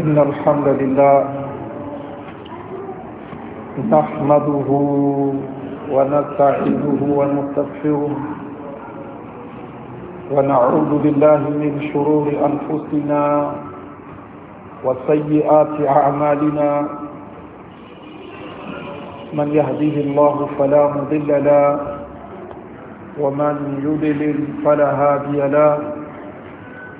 إن الحمد لله نحمده ونستعينه ونستغفره ونعوذ بالله من شرور أنفسنا وسيئات أعمالنا من يهديه الله فلا مضل له ومن يضلل فلا هادي له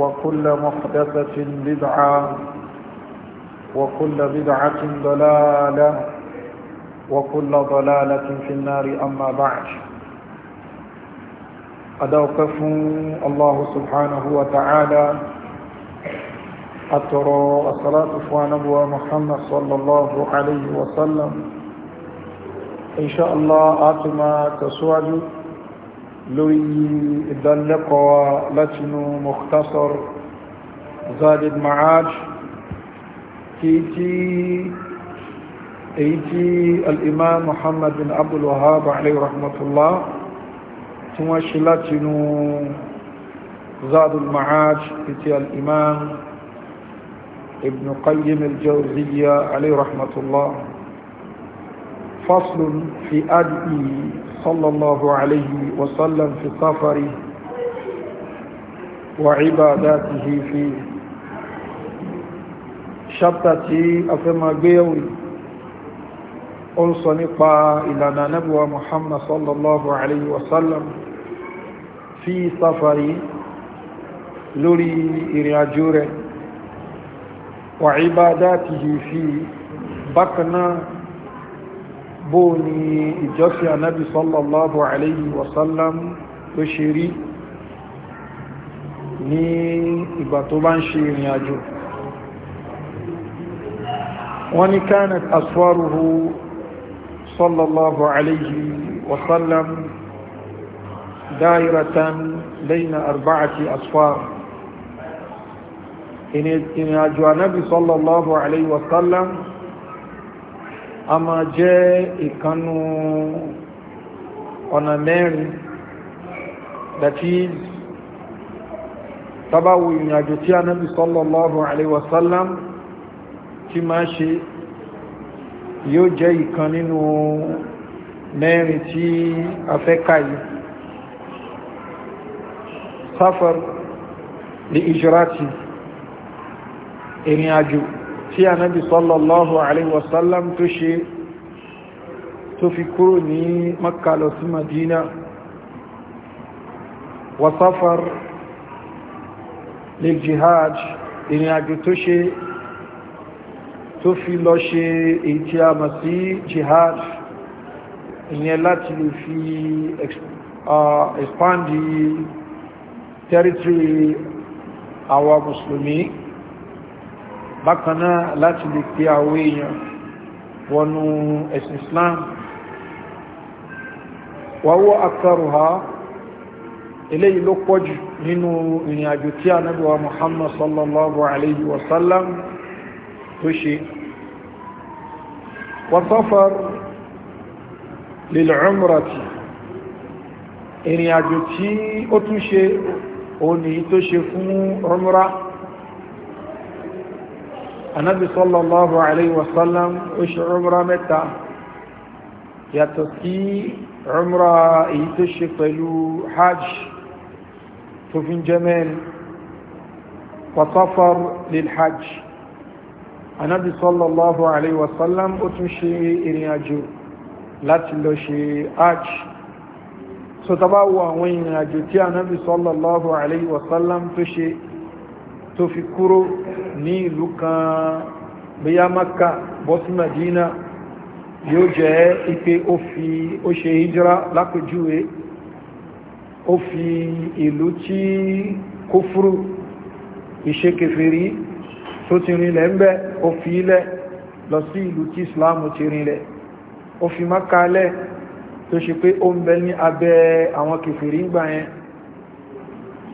وكل محدثة بدعة وكل بدعة ضلالة وكل ضلالة في النار أما بعد أدوكف الله سبحانه وتعالى أترى الصلاة فوانبوى محمد صلى الله عليه وسلم إن شاء الله آتما كسواجه لوي دلقوا لتنو مختصر زاد معاج تيتي تيتي الامام محمد بن عبد الوهاب عليه رحمة الله تمشي لتنو زاد المعاج تيتي الامام ابن قيم الجوزية عليه رحمة الله فصل في أدئي صلى الله عليه وسلم في سفره وعباداته فيه شبتتي أفما بيوي أنصى نقا إلى نبوة محمد صلى الله عليه وسلم في سفره لوري إرياجوره وعباداته فيه بكنا bó ni ìjọsí anábi sallallahu alayhi wa sallam tó ṣe rí ní ìgbà tó bá ń ṣe ìrìn àjò wọ́n ni kánat aswaruhu sallallahu alayhi wa sallam دائرة بين أربعة أصفار إن النبي صلى الله عليه وسلم a máa jẹ́ ìkannú ọ̀nà mẹ́rin that is tabawo ìrìnàjò tí anábi sallallahu alaihi wasallam tí máa ṣe yóò jẹ́ ìkan nínú mẹ́rin tí a fẹ́ káyí sáfàr lè ìjírátì ìrìnàjò tí anábi sallallahu alaihi wasallam tó ṣe tó fi kúrò ní makka lọ sí madina wasafar lè jihad ìrìnàjò tó ṣe tó fi lọ ṣe èyí tí a mọ̀ sí jihad ìyẹn láti lè fi expand territory àwa mùsùlùmí bákanáà láti lè pé àwọn èèyàn wọnú ẹ̀sìn islam wàwọ́ akẹrùhá eléyìí ló pọ̀jù nínú ìrìn àjò tí ànábì wa muhammad sallallahu alayhi wa sallam tó ṣe wasafar lil'umrati ìrìn àjò tí ó tún ṣe òní tó ṣe fún umrah anábì sallallahu alayhi wa sallam ó ṣe umra mẹ́ta yàtọ̀ sí umra èyí tó ṣe pẹ̀lú hajj tó fi jẹ́ mẹ́rin wa safar lil hajj anábì sallallahu alayhi wa sallam ó tún ṣe ìrìn àjò láti lọ ṣe hajj so tàbá àwọn ìrìn àjò tí anábì sallallahu alayhi tó ṣe tó fi kúrò ní ìlú kan bíyá maka bọ́ madina yóò jẹ́ ipe ó fi ó ṣe hijira lápèjúwe ó fi ìlú tí kófúrú ìṣekèfèrí tó ti rinlẹ̀ ń bẹ́ ó fi ilẹ̀ lọ sí ìlú tí islam ti rinlẹ̀ ó fi maka lẹ̀ tó ṣe pé ó ń bẹ ní abẹ́ àwọn kèfèrí gbà yẹn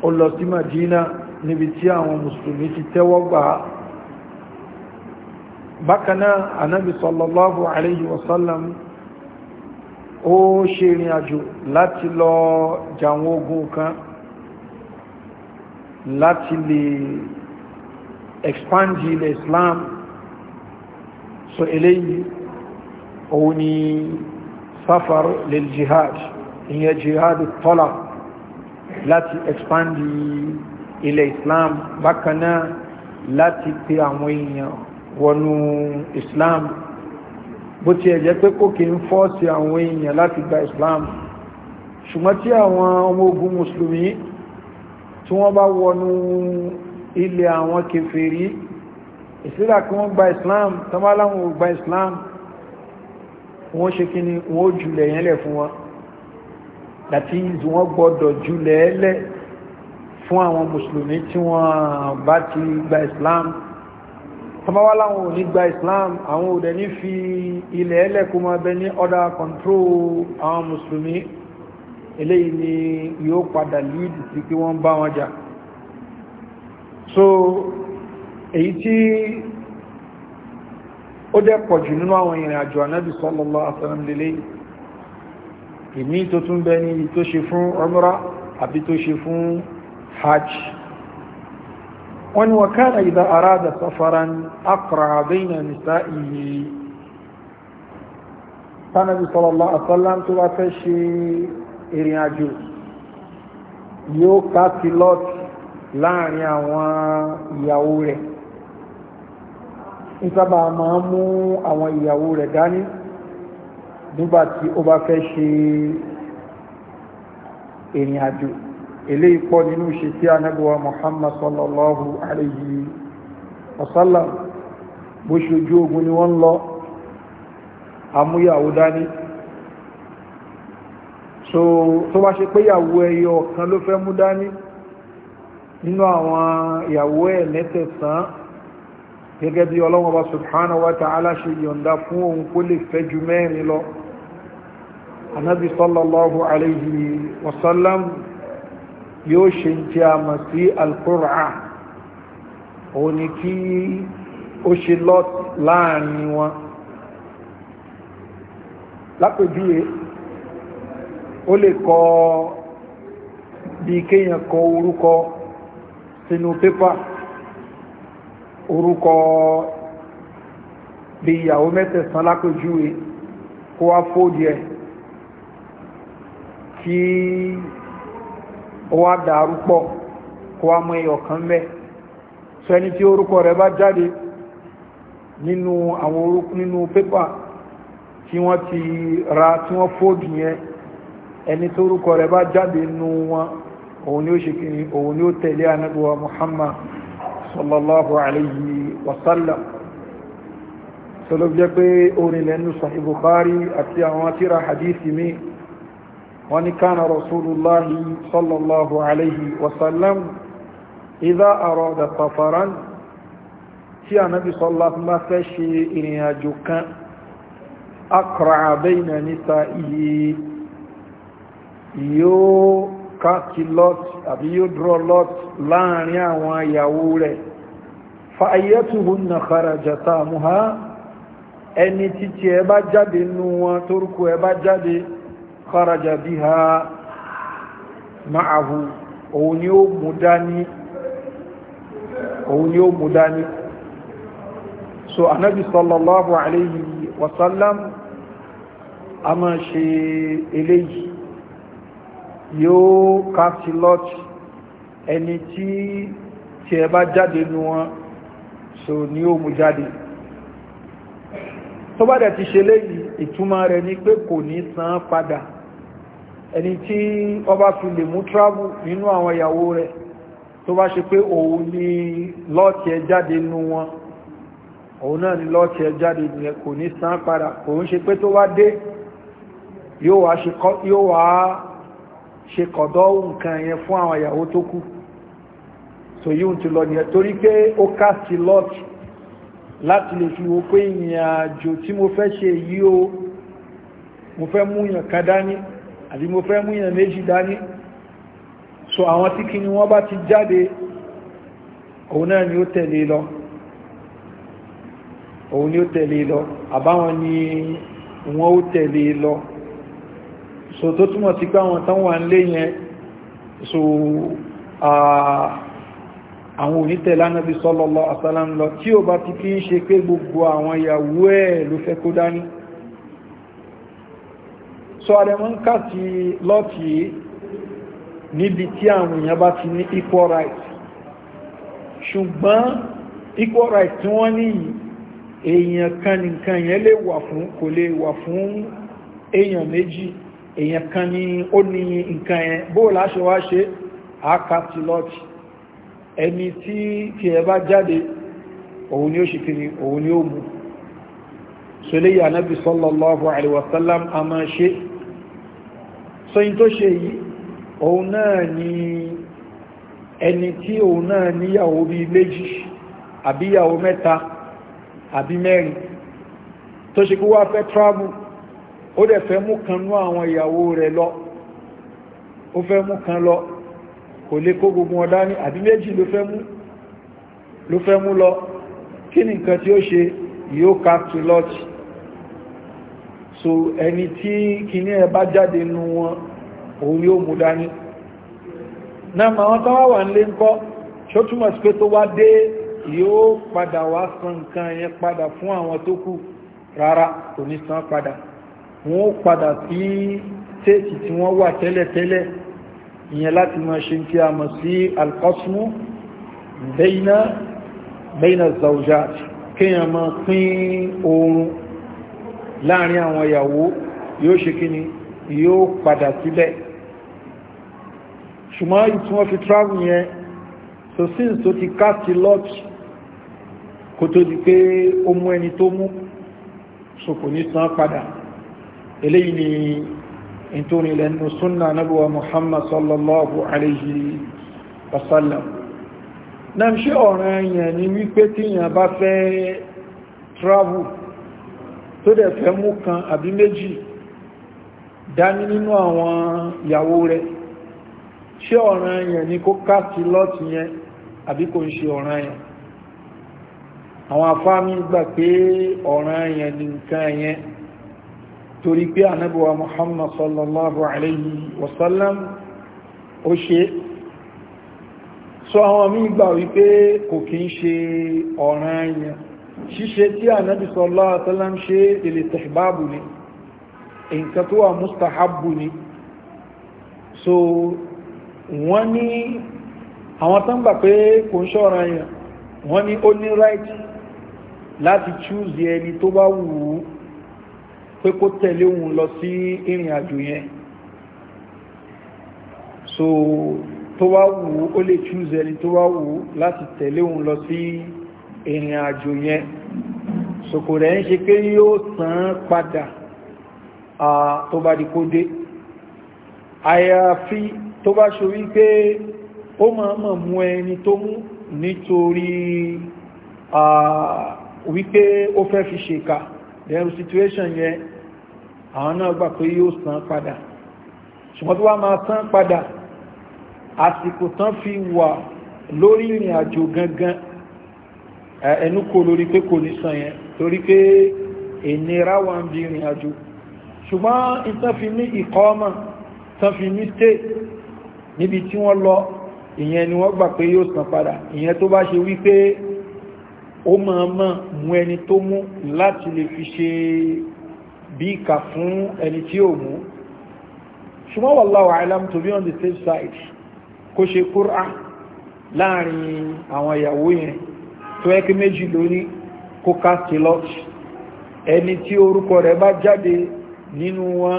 ó lọ sí madina níbi tí àwọn mùsùlùmí ti tẹ́wọ́ gbà bákanáà anábi sallallahu alayhi wa sallam ó ṣe ìrìn àjò láti lọ jàwọn ogun kan láti lè expand ilẹ̀ islam so eléyìí òun ni safar lil jihad ìyẹn jihad tọ́lá láti expand ilẹ̀ ilẹ̀ islam bákan náà láti pe àwọn èèyàn wọnú islam bó tiẹ̀ jẹ́ pé kò kí ń fọ́ọ̀sì àwọn èèyàn láti gba islam ṣùgbọ́n tí àwọn ọmọ ogun mùsùlùmí tí wọ́n bá wọnú ilẹ̀ àwọn kèfèrí ìsílà kí wọ́n gba islam tọ́máláwọn ò gba islam wọ́n ṣe kí ni wọ́n jùlẹ̀ yẹn lẹ̀ fún wọn that is wọ́n gbọ́dọ̀ jùlẹ̀ lẹ̀ fún àwọn mùsùlùmí tí wọ́n bá ti gba islam tọ́báwá láwọn ò ní gba islam àwọn ò ní fi ilẹ̀ ẹlẹ́kùn máa bẹ ní order control àwọn mùsùlùmí eléyìí ni yóò padà lead sí kí wọ́n bá wọn jà so èyí tí ó dẹ̀ pọ̀ jù nínú àwọn ìrìn àjò ànábì sallallahu alaihi wasallam lélẹ́yìí ìmí tó tún bẹ ní tó ṣe fún umrah àbí tó ṣe fún hajj wọ́n ni wọ́n kára ìdá aráàdà safaran akọ̀rọ̀ àbẹ́yìnà nìta ìyè tánàbí sọ́lọ́lá àtọ́lám tó wá fẹ́ ṣe ìrìn àjò yóò ká pílọ́tì láàrin àwọn ìyàwó rẹ̀ ìsábà máa ń mú àwọn ìyàwó rẹ̀ dání nígbàtí ó bá fẹ́ ṣe ìrìn àjò ilé ipọ́ nínú ṣe tí a nẹ́gbọ́wà Muhammad sallallahu alayhi wa sallam bó ṣojú ogun ni wọ́n lọ amúyàwó dání so tó bá ṣe pé ìyàwó ẹyọ kan ló fẹ́ mú dání nínú àwọn ìyàwó ẹ̀ mẹ́tẹ̀sán gẹ́gẹ́ bí Ọlọ́hun Ọba subhanahu wa ta'ala ṣe yọ̀nda fún òun kó lè fẹ́ ju mẹ́rin lọ anábi sallallahu alayhi wa yóò ṣe tí a mọ̀ sí alkúrà òun ni kí ó ṣe lọ́t láàrin wọn lápèjúwe ó lè kọ bí kéèyàn kọ orúkọ sínú pépà orúkọ bí ìyàwó mẹ́tẹ̀sán lápèjúwe kó wá fóòdì ẹ̀ kí ó wá dàrú kó wá mọ ẹyọ kan mẹ́ so ẹni tí orúkọ rẹ̀ bá jáde nínú àwọn orúkọ nínú pépà tí wọ́n ti ra tí wọ́n fóòdù yẹn ẹni tó orúkọ rẹ̀ bá jáde nínú wọn òun ni ó ṣe kiri òun ni ó tẹ̀lé anábíwá Muhammad sallallahu alayhi wa sallam sọlọ́bí jẹ́ pé orin lẹ́nu àti àwọn hadithi wọ́n ní kánà rasulullahi sallallahu alayhi wasallam idha arada safaran tí ànábì sallallahu bá fẹ́ ṣe ìrìn àjò kan akra'a bayna nisa'ihi yóò káàkì lot àbí yóò draw lot láàrin àwọn ìyàwó rẹ̀ fa'ayyatuhunna kharajata muha ẹni títí ẹ bá jáde nú wọn tórúkú ẹ bá jáde kharaja biha ma'ahu òun ni ó mú dání òun ni ó mú dání so anábi sallallahu alayhi wasallam a máa ṣe eléyìí yóò káàkiri lọ́tí ẹni tí tí ẹ bá jáde nú wọn so ni ó mú jáde tó bá dẹ̀ ti ṣe léyìí ìtumọ̀ rẹ̀ ni pé kò ní san padà ẹni tí ọba fi lè mú travel nínú àwọn ìyàwó rẹ̀ tó bá ṣe pé òun ni lọ́ọ̀tì ẹ jáde nú wọn òun náà ni lọ́ọ̀tì ẹ jáde nìyẹn kò ní san padà òun ṣe pé tó wá dé yóò wá ṣe kọ̀dọ̀ nǹkan yẹn fún àwọn ìyàwó tó kù so yíò ti lọ nìyẹn torí pé ó ká sí lọ́ọ̀tì láti lè fi wo pé ìrìn àjò tí mo fẹ́ ṣe yí o mo fẹ́ mú yàn kan dání àbí mo fẹ́ mú èèyàn méjì dání so àwọn tí kí ni wọ́n bá ti jáde òun náà ni ó tẹ̀lé lọ òun ni ó tẹ̀lé lọ àbáwọn ni wọ́n ó tẹ̀lé lọ so tó túmọ̀ sí pé àwọn tán wà ń lé yẹn so àwọn onítẹ̀lá Nábì sallallahu alaihi wasallam lọ tí ó bá ti kí ń ṣe pé gbogbo àwọn ìyàwó ẹ̀ ló fẹ́ kó dání so àrẹ̀mọ́ ń kà sí lọ́ọ̀tì yìí níbi tí àwọn èèyàn bá ti ní equal right ṣùgbọ́n equal right tí wọ́n ní èèyàn kan nìkan yẹn lè wà fún kò lè wà fún èèyàn méjì èèyàn kan ní ó ní nǹkan yẹn bóòlá ṣe wá ṣe àkàtì lọ́ọ̀tì ẹni tí tí ẹ bá jáde òun ni ó ṣe kiri òun ni ó mú ṣe lè yà náà bí sallallahu alaihi wasallam a ṣe so in tó ṣe yìí òun náà ni ẹni tí òun náà níyàwó bí méjì àbíyàwó mẹ́ta àbí mẹ́rin tó ṣe kó wá fẹ́ travel ó dẹ̀ fẹ́ mú kan nú àwọn ìyàwó rẹ̀ lọ ó fẹ́ mú kan lọ kò lè kó gbogbo ọ̀dá ní àbí méjì ló fẹ́ mú lọ kí ni nǹkan tí ó ṣe yóò ká tu lọ́tì so ẹni tí kìíní ẹ bá jáde nú wọn òun yóò mú dání náà ma wọ́n tán wà wà nílé ńkọ́ ṣótúmọ̀ sí pé tó wá dé yóò padà wá san nǹkan yẹn padà fún àwọn tó kù rárá kò ní san padà wọ́n padà sí tẹ́ẹ̀tì tí wọ́n wà tẹ́lẹ̀tẹ́lẹ̀ ìyẹn láti máa ṣe tí a mọ̀ sí alkọ́sùmù bẹ́yìnà zawjat kéèyàn máa pín oorun láàrin àwọn ìyàwó yóò ṣe kí ni yóò padà sílẹ̀ ṣùgbọ́n ìtí wọ́n fi travel yẹn so since tó ti cast lot kò tó di pé ó mú ẹni tó mú so kò ní san padà eléyìí ni ìtòrin ilẹ̀ nínú súnnà Muhammad sallallahu alayhi wa sallam náà ṣe ọ̀ràn yẹn ni wípé tíyàn bá fẹ́ travel tó dẹ̀ fẹ́ mú kan àbí méjì dání nínú àwọn ìyàwó rẹ̀ ṣé ọ̀ràn yẹn ni kó káàkiri lọ́ọ̀tì yẹn àbí kò ń ṣe ọ̀ràn yẹn àwọn afáàmì gbà pé ọ̀ràn yẹn ni nǹkan yẹn torí pé anábíwa muhammad sallallahu alayhi wasallam ó ṣe sọ àwọn míì gbà wípé kò kí ń ṣe ọ̀ràn yẹn ṣíṣe tí ànábì sallallahu alaihi wasallam ṣe ilistihbabu ni nǹkan tó wà mustahabu ni so wọ́n ní àwọn tán gbà pé kò ń ṣọ́ra yẹn wọ́n ní ó ní right láti choose ẹni tó bá wù ú pé kó tẹ̀lé òun lọ sí ìrìn àjò yẹn so tó bá wù ú ó lè choose ẹni tó bá wù láti tẹ̀lé òun lọ sí ìrìn ìrìn àjò yẹn sòkò rẹ̀ ń ṣe pé yóò tán padà tó bá di kó dé àyàfi tó bá ṣe wípé ó máa mọ̀ mú ẹni tó mú nítorí wípé ó fẹ́ fi ṣèkà lẹ́rù situation yẹn àwọn náà gbà pé yóò tán padà ṣùgbọ́n tó wá máa tán padà àsìkò tán fi wà lórí ìrìn àjò gangan ẹnu kò lórí pé kò ní san yẹn torí pé ìnira wà ń bí ìrìn àjò ṣùgbọ́n ìtàn ní ìkọ́ọ́mà tán fi ní tè níbi tí wọ́n lọ ìyẹn ni wọ́n gbà pé yóò san padà ìyẹn tó bá ṣe wípé ó máa mọ̀ mú ẹni tó mú láti lè fi ṣe bí ìkà fún ẹni tí ò mú ṣùgbọ́n wallahu alam to be on the safe side kó ṣe kúrà láàrin àwọn ìyàwó yẹn tó ẹ́kí méjì lórí kó káàkiri lọ́tí ẹni tí orúkọ rẹ̀ bá jáde nínú wọn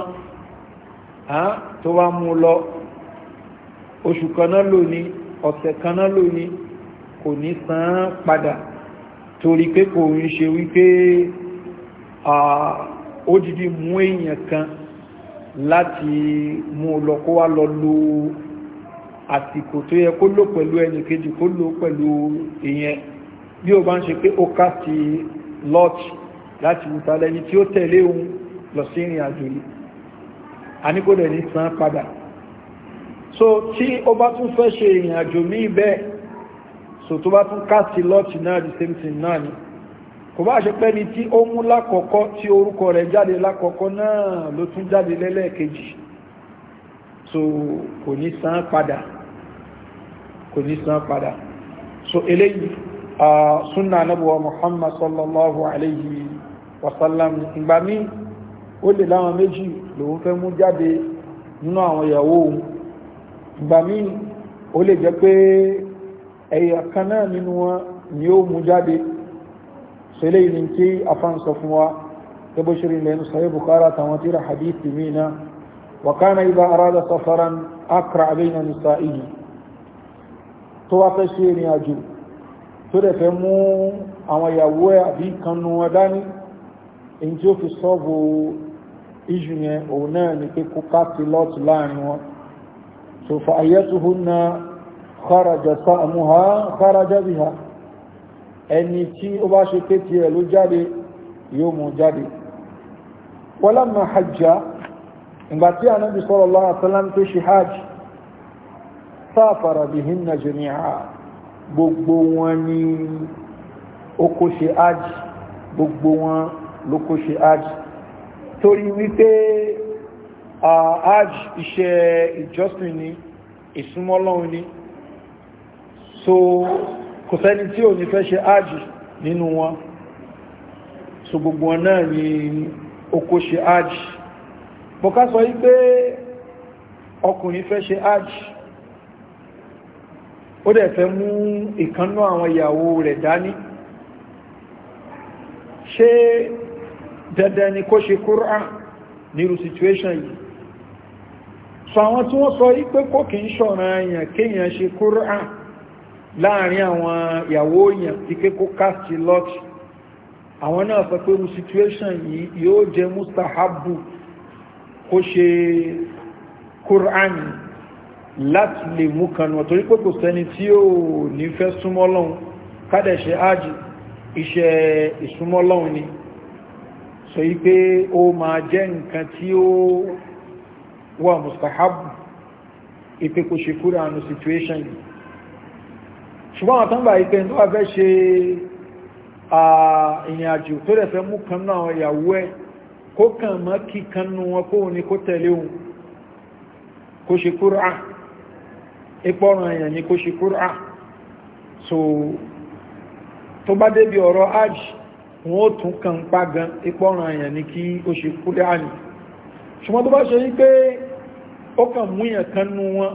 tó wá mú lọ oṣù kaná lóní ọ̀sẹ̀ kaná lóní kò ní san padà torí pé kò ń ṣe wípé ó dìdí mú èèyàn kan láti mú lọ kó wá lọ lo àsìkò tó yẹ kó lò pẹ̀lú ẹnìkejì kó lò pẹ̀lú ìyẹn bí o bá ń ṣe pé ó ká ti lọ́ọ̀tì láti wùta lẹ́ni tí ó tẹ̀lé òun lọ sí ìrìn àjò yìí àníkódẹ̀ ní san padà so tí ó bá tún fẹ́ ṣe ìrìn àjò ní ibẹ̀ so tó bá tún ká sí lọ́ọ̀tì náà di same thing náà ni kò bá ṣe pẹ́ni tí ó mú lákọ̀ọ́kọ́ tí orúkọ rẹ̀ jáde lákọ̀ọ́kọ́ náà ló tún jáde lẹ́lẹ́ẹ̀kejì so kò ní san padà kò ní san padà so eléyìí Ah, súnà anábọ̀wà muhammad sallallahu alayhi wasallam ìgbà mí ó lè láwọn méjì lòun fẹ́ mú jáde nínú àwọn ìyàwó ìgbà mí ó lè jẹ́ pé ẹ̀yà kan náà nínú wọn ni ó mú jáde sẹ́lẹ̀ ìní tí afáǹsọ fún wa gẹ́bọ́ ṣe rí sahih bukhari àtàwọn tíra hadithi mí náà وكان إذا أراد سفرا أقرع بين نسائه توافشيني أجو tó dẹ̀ fẹ́ mú àwọn ìyàwó ẹ̀ àbí ìkanu ọdání èyí tí ó fi sọ́ọ̀bù iṣu yẹn òun náà ni pé kó káàkiri lọ́ọ̀tù láàrin wọn tó fa ayẹ́tuhu na kharaja sa'muha kharaja biha ẹni tí ó bá ṣe pé tiẹ̀ ló jáde yóò mú jáde wọ́lá ma hajjá ìgbà tí ànábì sallallahu alaihi wasallam tó ṣe hajj sáfàrà bihinna jami'a gbogbo wọn ni ó kó ṣe ájì gbogbo wọn ló kó ṣe ájì torí wípé ájì iṣẹ́ ìjọsìn ni ìsúnmọ́lọ́run ni so kò sẹ́ni tí ò ní fẹ́ ṣe ájì nínú wọn so gbogbo wọn náà ni ó ṣe ájì bọ̀ká sọ wípé ọkùnrin fẹ́ ṣe ájì ó dẹ̀ fẹ́ mú ìkannú àwọn ìyàwó rẹ̀ dání ṣé dandan ni kó ṣe kúrán nírú situation yìí so àwọn tí wọ́n sọ wípé kó kì ń ṣọ̀ràn èèyàn kéèyàn ṣe kúrán láàrin àwọn ìyàwó èèyàn ti ké kó cast lot àwọn náà sọ pé irú situation yìí yóò jẹ mustahabu kó ṣe kúrán yìí láti lè mú kanùwà torí pé kò sẹ́ni tí ó ní fẹ́ súnmọ́ kádẹ̀ ṣe ájì iṣẹ́ ìsúnmọ́ ni sọ yí pé ó máa jẹ́ nǹkan tí ó wà mustahabu ìpé kò ṣe kúrò àánú situation yìí ṣùgbọ́n àwọn tán bá ìpé tó wà fẹ́ ṣe ìrìn àjò tó rẹ̀ fẹ́ mú kanú àwọn ìyàwó ẹ̀ kó kàn mọ́ kí kanú wọn kóhun ni kó tẹ̀lé òun kó ṣe kúrò àánú ìpọ̀ràn èèyàn ni kó ṣe kúrà so tó bá débi ọ̀rọ̀ hajj wọn ó tún kàn pa gan ìpọ̀ràn èèyàn ni kí ó ṣe kúrà ní ṣùgbọ́n tó bá ṣe ní pé ó kàn mú èèyàn kan nú wọn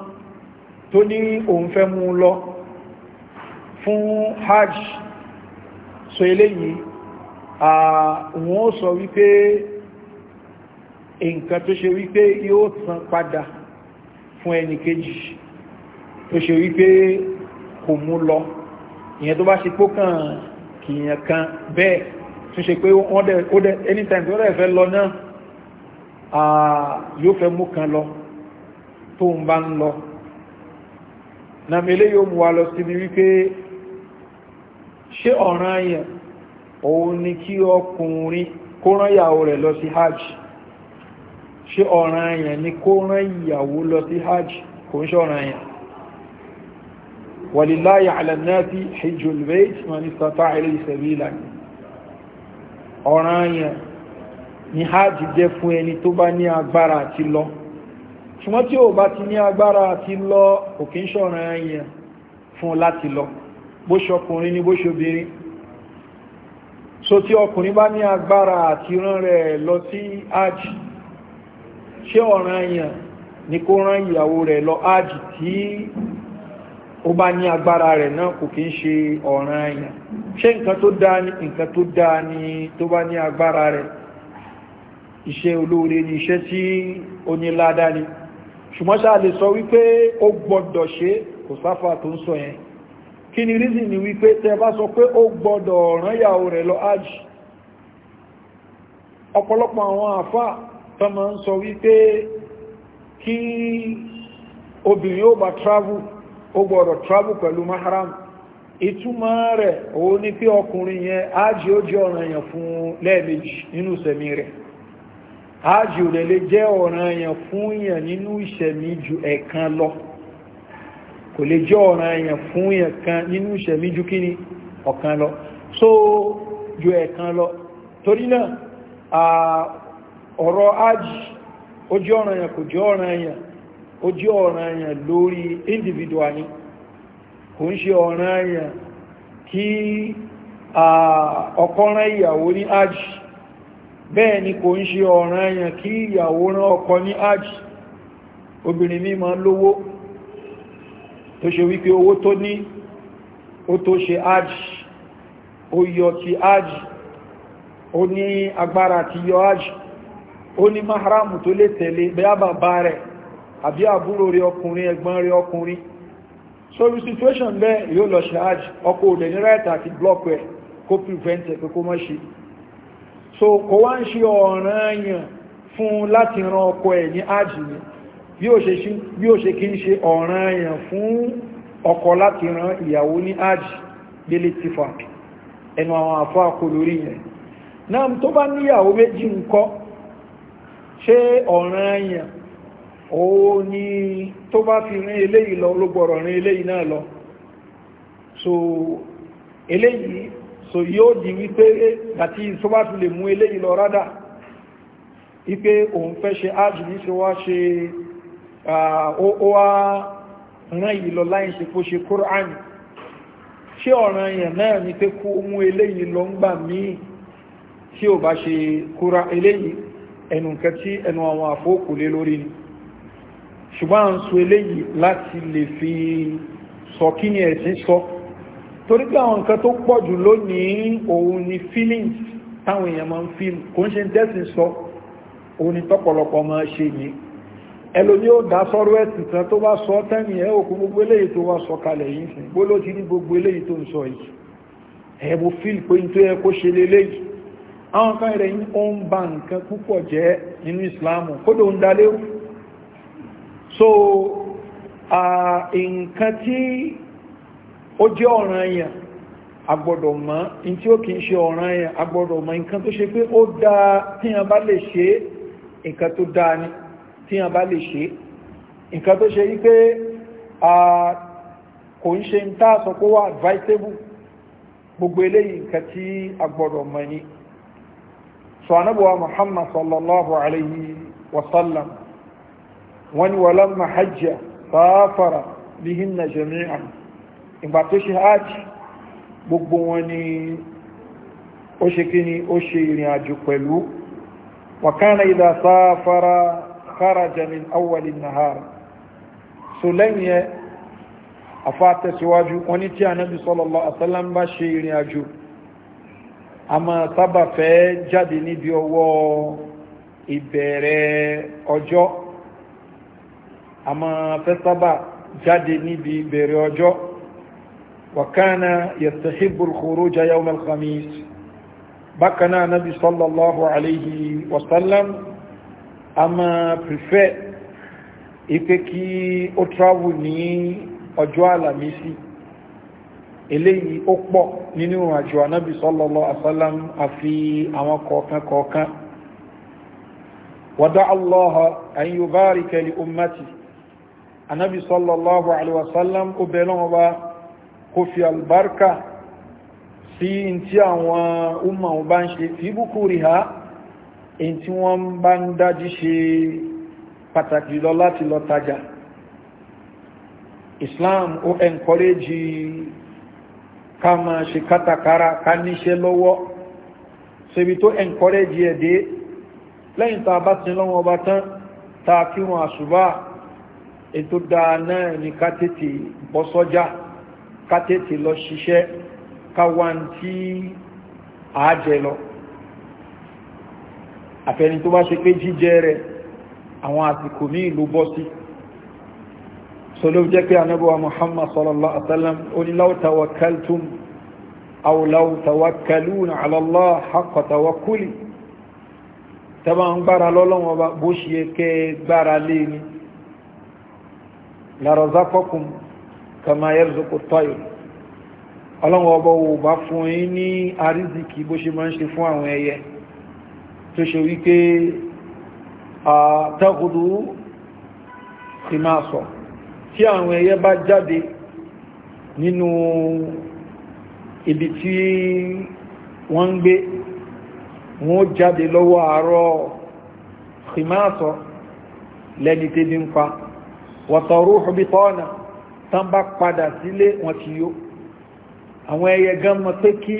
tó ní òun fẹ́ mú lọ fún hajj so eléyìí àwọn ó sọ wípé nǹkan tó ṣe wípé yóò san padà fún ẹnìkejì tó ṣe wípé kò mú lọ ìyẹn tó bá ṣe pó kàn kìyàn kan bẹ́ẹ̀ tó ṣe pé anytime tó rẹ̀ fẹ́ lọ náà yóò fẹ́ mú kan lọ tó ń bá ń lọ nàmì eléyìí ó mú wa lọ síbi wípé ṣé ọ̀ràn ayẹ̀ òun ni kí ọkùnrin kó rán ìyàwó rẹ̀ lọ sí hajj ṣé ọ̀ràn ayẹ̀ ni kó rán ìyàwó lọ sí hajj kò ń ṣọ̀ràn ayẹ̀ walillahi ala nnasi hijjul bayt man istata'a ilayhi sabila ọ̀ràn yẹn ni hajj jẹ́ fún ẹni tó bá ní agbára àti lọ ṣùgbọ́n tí ó bá ti ní agbára àti lọ òkè ń ṣọ̀ràn yẹn fún láti lọ bó ṣọkùnrin ni bó ṣobìnrin so tí ọkùnrin bá ní agbára àti rán rẹ̀ lọ sí hajj ṣé ọ̀ràn yẹn ni kó rán ìyàwó rẹ̀ lọ hajj tí ó bá ní agbára rẹ̀ náà kò kí ń ṣe ọ̀ràn àyàn ṣé nǹkan tó dáa ni nǹkan tó dáa ni tó bá ní agbára rẹ̀ iṣẹ́ olóore ni iṣẹ́ tí ó ní ládá ni ṣùgbọ́n ṣáà lè sọ wípé ó gbọ́dọ̀ ṣe kò sáfà tó ń sọ yẹn kí ni rízì ni wípé tẹ́ bá sọ pé ó gbọ́dọ̀ rán ìyàwó rẹ̀ lọ ájì ọ̀pọ̀lọpọ̀ àwọn àfà tó máa ń sọ wípé kí obìnrin ó bá travel ó gbọ́dọ̀ travel pẹ̀lú mahram ìtumọ̀ rẹ̀ o ni pé ọkùnrin yẹn ájì ó jẹ́ ọ̀ràn èèyàn fún lẹ́ẹ̀mejì nínú ìsẹ̀mí rẹ̀ ájì ò lè jẹ́ èèyàn fún yẹn nínú ìsẹ̀mí ju ẹ̀kan lọ kò lè jẹ́ ọ̀ràn èèyàn fún yẹn kan nínú ìsẹ̀mí ju so ju ẹ̀kan lọ torí náà ọ̀rọ̀ ájì ó jẹ́ èèyàn ó jẹ́ ọ̀ràn àyàn lórí individual ni kò ń ṣe ọ̀ràn àyàn kí ọkọ rán ìyàwó ní ájì bẹ́ẹ̀ ni kò ń ṣe ọ̀ràn àyàn kí ìyàwó rán ọkọ ní ájì obìnrin mi ma lówó tó ṣe wípé owó tó ní ó tó ṣe ájì ó yọ ti ájì ó ní agbára ti yọ ájì ó ní máhàrámù tó lè tẹ̀lé bẹ́ẹ̀ bàbá rẹ̀ àbí àbúrò rẹ ọkùnrin ẹgbọ́n rẹ ọkùnrin so the situation bẹ́ẹ̀ yóò lọ ṣe hajj ọkọ̀ òdè ní right àti block ẹ̀ kó prevent ẹ̀ kó mọ́ ṣe so kò wá ń ṣe ọ̀ràn yàn fún láti ran ọkọ ẹ̀ ní hajj ni bí ó ṣe kí ń ṣe ọ̀ràn yàn fún ọkọ láti ran ìyàwó ní hajj délé ti fà ẹnu àwọn àfọ àkọlórí yẹn náà tó bá níyàwó méjì ń kọ́ ṣé ọ̀ràn yàn òun ni tó bá fi rin eléyìí lọ ló gbọ́rọ̀ rin eléyìí náà lọ so eléyìí so yóò di wípé àti tó bá fi lè mú eléyìí lọ rádà wípé òun fẹ́ ṣe ájì ní ṣe wá ṣe ó wá rán yìí lọ láì ṣe kó ṣe kúránì ṣé ọ̀ràn èèyàn náà ni pé kó mú eléyìí lọ ń gbà míì tí ò bá ṣe kúrá eléyìí ẹnu nǹkan ẹnu àwọn àfókù lé lórí ni ṣùgbọ́n à ń sọ eléyìí láti lè fi sọ kí ni ẹ̀sìn sọ torí pé àwọn nǹkan tó pọ̀ jù lónìí òun ni feelings táwọn èèyàn máa ń fi kò ń ṣe dẹ́sìn sọ òun ni tọ́pọ̀lọpọ̀ máa ṣe yìí ẹlòmí ó dá sọ́rọ̀ ẹ̀sìn tán tó bá sọ tẹ́mì ẹ̀ òkú gbogbo eléyìí tó wá sọ kalẹ̀ yìí sìn bó ló ti ní gbogbo eléyìí tó ń sọ yìí ẹ̀ mo fíìl pé n tó yẹ kó ṣe leléyìí àwọn kan rẹ̀ ń ba nǹkan púpọ̀ jẹ́ nínú ìsìláàmù kódò ń dalérú so nǹkan tí ó jẹ́ ọ̀ràn yẹn agbọ́dọ̀ mọ̀ in tí ó kìí ṣe ọ̀ràn yẹn agbọ́dọ̀ mọ̀ nǹkan tó ṣe pé ó dáa tí a bá lè ṣe nǹkan tó ni tí a bá lè ṣe nǹkan tó ṣe wípé kò ń ṣe ń gbogbo eléyìí nǹkan tí agbọ́dọ̀ ni sọ anábọ̀wá Muhammad sallallahu alayhi wa sallam wọ́n ni walamma hajjá sáfàrà bihinna jami'an ìgbà tó ṣe hajj gbogbo wọn ni ó ṣe kí ni ó ṣe ìrìn àjò pẹ̀lú wàkánà ìdá sáfàrà kharaja min awwalin nahar so lẹ́yìn ẹ afátẹ̀síwájú wọn ni tí anábi sallallahu alaihi bá ṣe ìrìn àjò a sábà fẹ́ jáde níbi ọwọ́ ìbẹ̀rẹ̀ ọjọ́ àmọ́ fẹ́sábà jáde níbi bẹ̀rẹ̀ ọjọ́ wàkánà yastahibu al-khuruja yawm al-khamis bákaná nabi sallallahu alayhi wasallam a ma prefer ipe kí ó travel ní ọjọ́ alamisi eléyìí ó pọ̀ nínú àjò anábi sallallahu asallam àfi àwọn kọ̀ọ̀kan kọ̀ọ̀kan wàdá allaha an li ummati anábì sallallahu alaihi wasallam ó bẹ̀ lọ́wọ́ bá kó fi albarka sí in tí àwọn umma wọn bá ń ṣe fi bukuri ha in tí wọ́n bá ń dájí ṣe pàtàkì lọ láti lọ tajà islam ó encourage ká máa ṣe kátàkárà ká níṣẹ́ lọ́wọ́ ṣebi encourage ẹ̀ dé lẹ́yìn tá a bá tán tá àṣùbá ètò dáa náà ni ká tètè bọ́ sọ́jà ká tètè lọ ṣiṣẹ́ ká wá ń tí àájẹ lọ àfẹni tó bá ṣe pé jíjẹ rẹ̀ àwọn àsìkò ní ìlú bọ́ sí sọlọ́bù pé anábọ́wà muhammad sallallahu alaihi wasallam oníláwò tawakkaltum aw law tawakkaluna ala Allah haqqa tawakkuli tẹ́bà ń gbára lọ́lọ́wọ́ bó ṣe kẹ́ gbára lé e larazaqakum kama yarzuqu at-tayr ọlọ́wọ́ ọba ò bá fún yín ní àrízìkì bó ṣe máa ń ṣe fún àwọn ẹyẹ tó ṣe wípé àtàkùdù ti máa sọ tí àwọn ẹyẹ bá jáde nínú ibi tí wọ́n ń gbé wọ́n jáde lọ́wọ́ àárọ̀ ti máa sọ lẹ́ni tẹ́bí ń pa wataruhu bitana tán bá padà sílé wọn ti yó àwọn ẹyẹ gan mọ̀ pé kí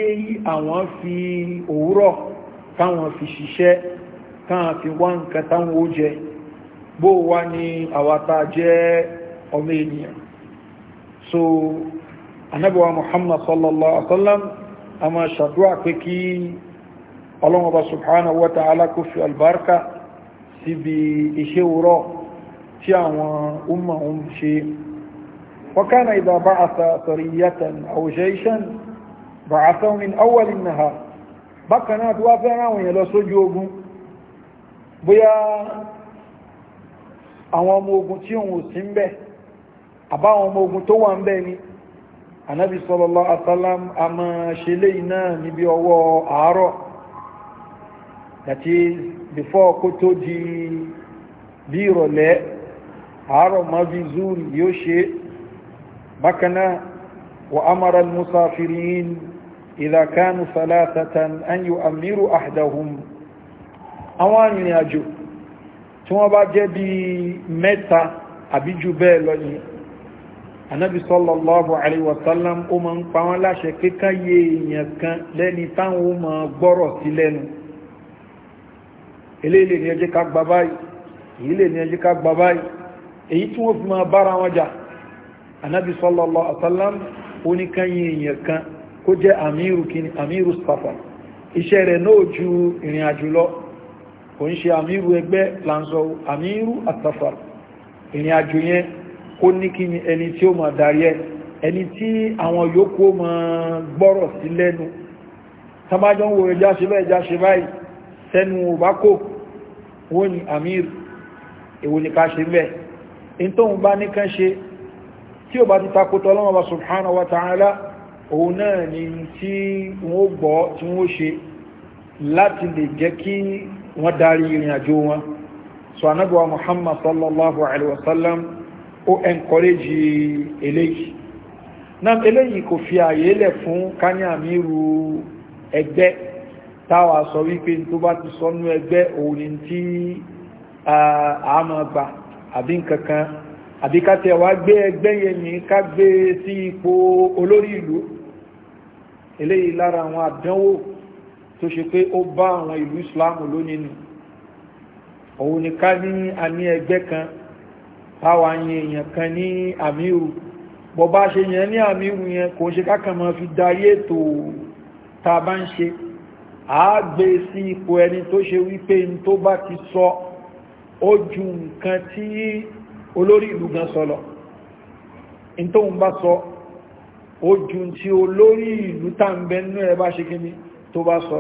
àwọn fi òwúrọ̀ káwọn fi ṣiṣẹ́ káwọn fi wá nǹkan táwọn ó jẹ bó wá ní àwàta jẹ́ ọmọ ènìyàn so anabiwa muhammad sallallahu alaihi wasallam a ma ṣàdúrà pé kí ọlọ́wọ́ bá subhanahu wa ta'ala kó albarka síbi iṣẹ́ òwúrọ̀ tí àwọn umma ń ṣe wakana idha ba'atha sariyatan aw jayshan ba'athahu min na an-nahar bákan náà tó wá àwọn èèyàn lọ sójú ogun bóyá àwọn ọmọ ogun tí òun sí ń ọmọ ogun tó wà ń bẹ ni anábi sallallahu a iná níbi ọwọ́ àárọ̀ that is before kó tó di bí ìrọ̀lẹ́ àárọ̀ mọ́bí zuri yóò ṣe bákanáà wa amara al-musafirin idha kanu salatatan an yu'ammiru ahdahum àwọn arìnrìn àjò tí wọ́n bá jẹ́ bí mẹ́ta àbí jù bẹ́ẹ̀ lọ yìí anábi sallallahu alaihi wasallam ó ma ń pa wọ́n láṣẹ kíkán yé èèyàn kan lẹ́ni táwọn ó ma gbọ́rọ̀ sí lẹ́nu eléyìí lè ní ẹjẹ́ ká gbà báyìí èyí tí wọ́n fi máa bára wọn jà anábi sallallahu alaihi wasallam oníkanyìn èèyàn kan kó jẹ́ amíru kini amíru safa iṣẹ́ rẹ̀ náà ju ìrìn àjò lọ kò ń ṣe amíru ẹgbẹ́ lansọ amíru asafa ìrìn àjò yẹn kó ní kini ẹni tí ó máa darí ẹ ẹni tí àwọn yòókù máa gbọ́rọ̀ sí lẹ́nu tàbájọ́ ń wo ẹjá ṣe bá ẹjá ṣe báyìí tẹnu ò bá kò wọ́n ni amíru èwo ni ká ṣe bẹ́ẹ̀ in tó ń bá níkan ṣe tí ó bá ti takòtò ọlọ́wọ́ bá wa ta'ala òun náà ni tí wọ́n gbọ́ tí wọ́n ṣe láti lè jẹ́ kí wọ́n darí ìrìn àjò wọn so anábíwa muhammad sallallahu alaihi wasallam ó encourage eléyìí náà eléyìí kò fi ààyè lẹ̀ fún kányà mírù ẹgbẹ́ táwa sọ wípé tó bá ti sọnú ẹgbẹ́ òun ni tí àmọ́ gbà àbí nkankan àbí ká tẹ wá gbé ẹgbẹ́ yẹn ní ká gbé sí ipò olórí ìlú eléyìí lára àwọn àdánwò tó ṣe pé ó bá àwọn ìlú islam lónìí nù òun ni ká ní a ẹgbẹ́ kan táwa yẹn èèyàn kan ní àmírù bọ́ bá ṣe yẹn ní àmírù yẹn kò ṣe kákan mọ́ fi darí ètò tá a bá ń ṣe àá gbé sí ipò ẹni tó ṣe wípé ní tó bá ti sọ so, ó ju nǹkan tí olórí ìlú gan sọ lọ in tó ń bá sọ ó ju tí olórí ìlú tá ń bẹ nínú ẹ bá ṣe kíní tó bá sọ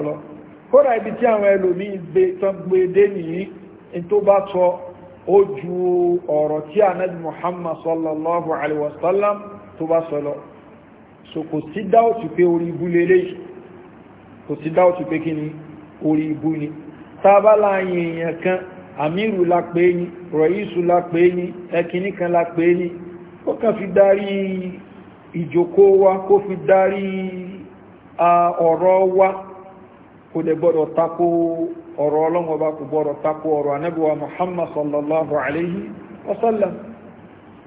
kódà ibi tí àwọn ẹlòmíín gbé tán nìyí in tó bá sọ ó ọ̀rọ̀ tí anabi muhammad sallallahu alaihi wasallam tó bá sọ lọ so kò sí dáòtù pé orí ibú lélẹ́yìí kò sí dáòtù pé kíní orí ibú ni tábàlà yìnyín kan àmírù la pè ní rọ̀yísù la pè ní ẹkìní kan la pè ní ó kàn fi darí ìjòkó wa kó fi darí ọ̀rọ̀ wa kò dẹ̀ gbọ́dọ̀ tako ọ̀rọ̀ ọlọ́wọ́ kò gbọ́dọ̀ tako ọ̀rọ̀ anẹ́bíwa muhammad sallallahu alayhi wa sallam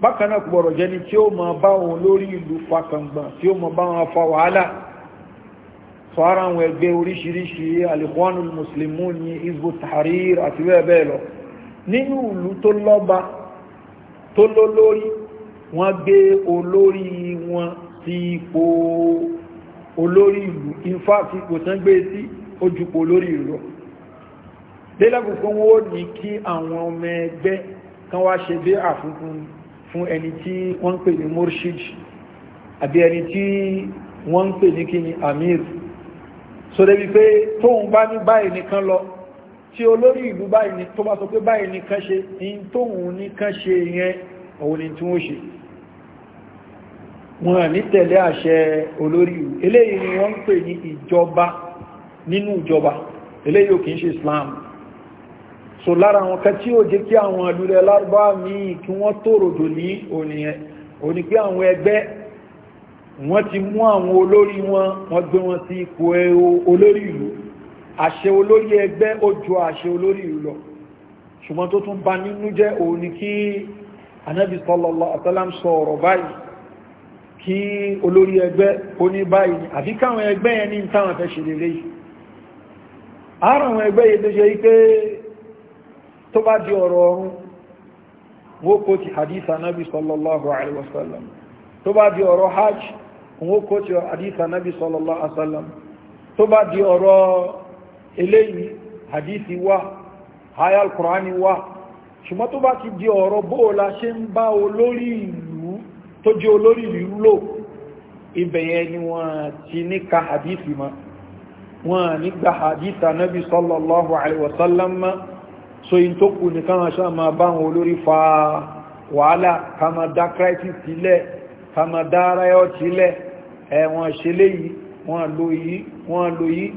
bákan náà kò gbọ́dọ̀ jẹ́ni tí ó ma bá sọ ara àwọn ẹgbẹ́ oríṣiríṣi alikhwanul muslimun ní isbu tahrir àti bẹ́ẹ̀ bẹ́ẹ̀ lọ nínú ìlú tó lọ́ba tó lólórí wọ́n gbé olórí wọn sí ipò olórí ìlú in fact ipò tán gbé sí ojúpò olórí ìlú délẹ́gùnkún wó ní kí àwọn ọmọ ẹgbẹ́ kan wá ṣe bí àfikún fún ẹni tí wọ́n pè ní morshid àbí ẹni tí wọ́n pè ní kí ni amir so débi pé tóun bá ní báyìí nìkan lọ tí olórí ìlú báyìí tó bá sọ pé báyìí nìkan ṣe ní tóun nìkan ṣe yẹn òun ni tí wọ́n ṣe wọn ní tẹ̀lé àṣẹ olórí ìlú eléyìí ni wọ́n ń pè ní ìjọba nínú ìjọba eléyìí ò kì ṣe Islam so lára àwọn kan tí ó jẹ́ kí àwọn ìlú rẹ̀ lárúbá míì kí wọ́n tó ròdò ní òní pé àwọn ẹgbẹ́ wọ́n ti mú àwọn olórí wọn wọ́n gbé wọn sí ipò olórí ìlú àṣẹ olórí ẹgbẹ́ ó ju àṣẹ olórí ìlú lọ ṣùgbọ́n tó tún ba nínú jẹ́ òun ni kí anábì sallallahu alaihi wasallam sọ ọ̀rọ̀ báyìí kí olórí ẹgbẹ́ ó ní báyìí ni àbí káwọn ẹgbẹ́ yẹn ní táwọn fẹ́ ṣe lélẹ́ yìí àárọ̀ àwọn ẹgbẹ́ yìí tó ṣe wípé tó bá di ọ̀rọ̀ ọ̀run wó kó ti hadith anábì sallallahu alaihi wasallam tó bá di ọ̀rọ̀ hajj òun ó kó tí hadith anábì sallallahu alaihi wasallam tó bá di ọ̀rọ̀ eléyìí hadith wà aya al-Qur'ani wà ṣùgbọ́n tó bá ti di ọ̀rọ̀ bóòlá ṣe ń bá olórí ìlú tó jẹ́ olórí ìlú lò ibẹ̀yẹn ni wọ́n ti ní ka hadith ma wọ́n ní gba hadith anábì sallallahu kàmàdára ẹ̀ tílẹ̀ ẹ̀ wọ́n ṣe léyìí wọ́n lo yìí wọ́n lo yìí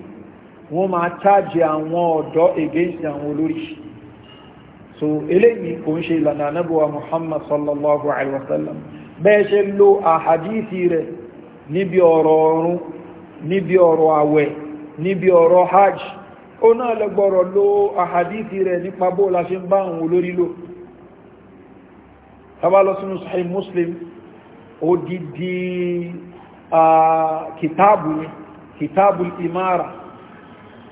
wọ́n máa chájì àwọn ọ̀dọ́ against àwọn olórí so eléyìí kò ń ṣe ìlànà anábọ̀wà muhammad sallallahu alaihi wasallam bẹ́ẹ̀ ṣe lo àhàdíìsì rẹ̀ níbi ọ̀rọ̀ ọ̀run níbi ọ̀rọ̀ àwẹ̀ níbi ọ̀rọ̀ hajj ó náà lẹ́gbọ̀rọ̀ ló àhàdíìsì rẹ̀ nípa bó la ṣe ń bá àwọn olórí lò odidi kìtàbù ni kìtàbù ìmára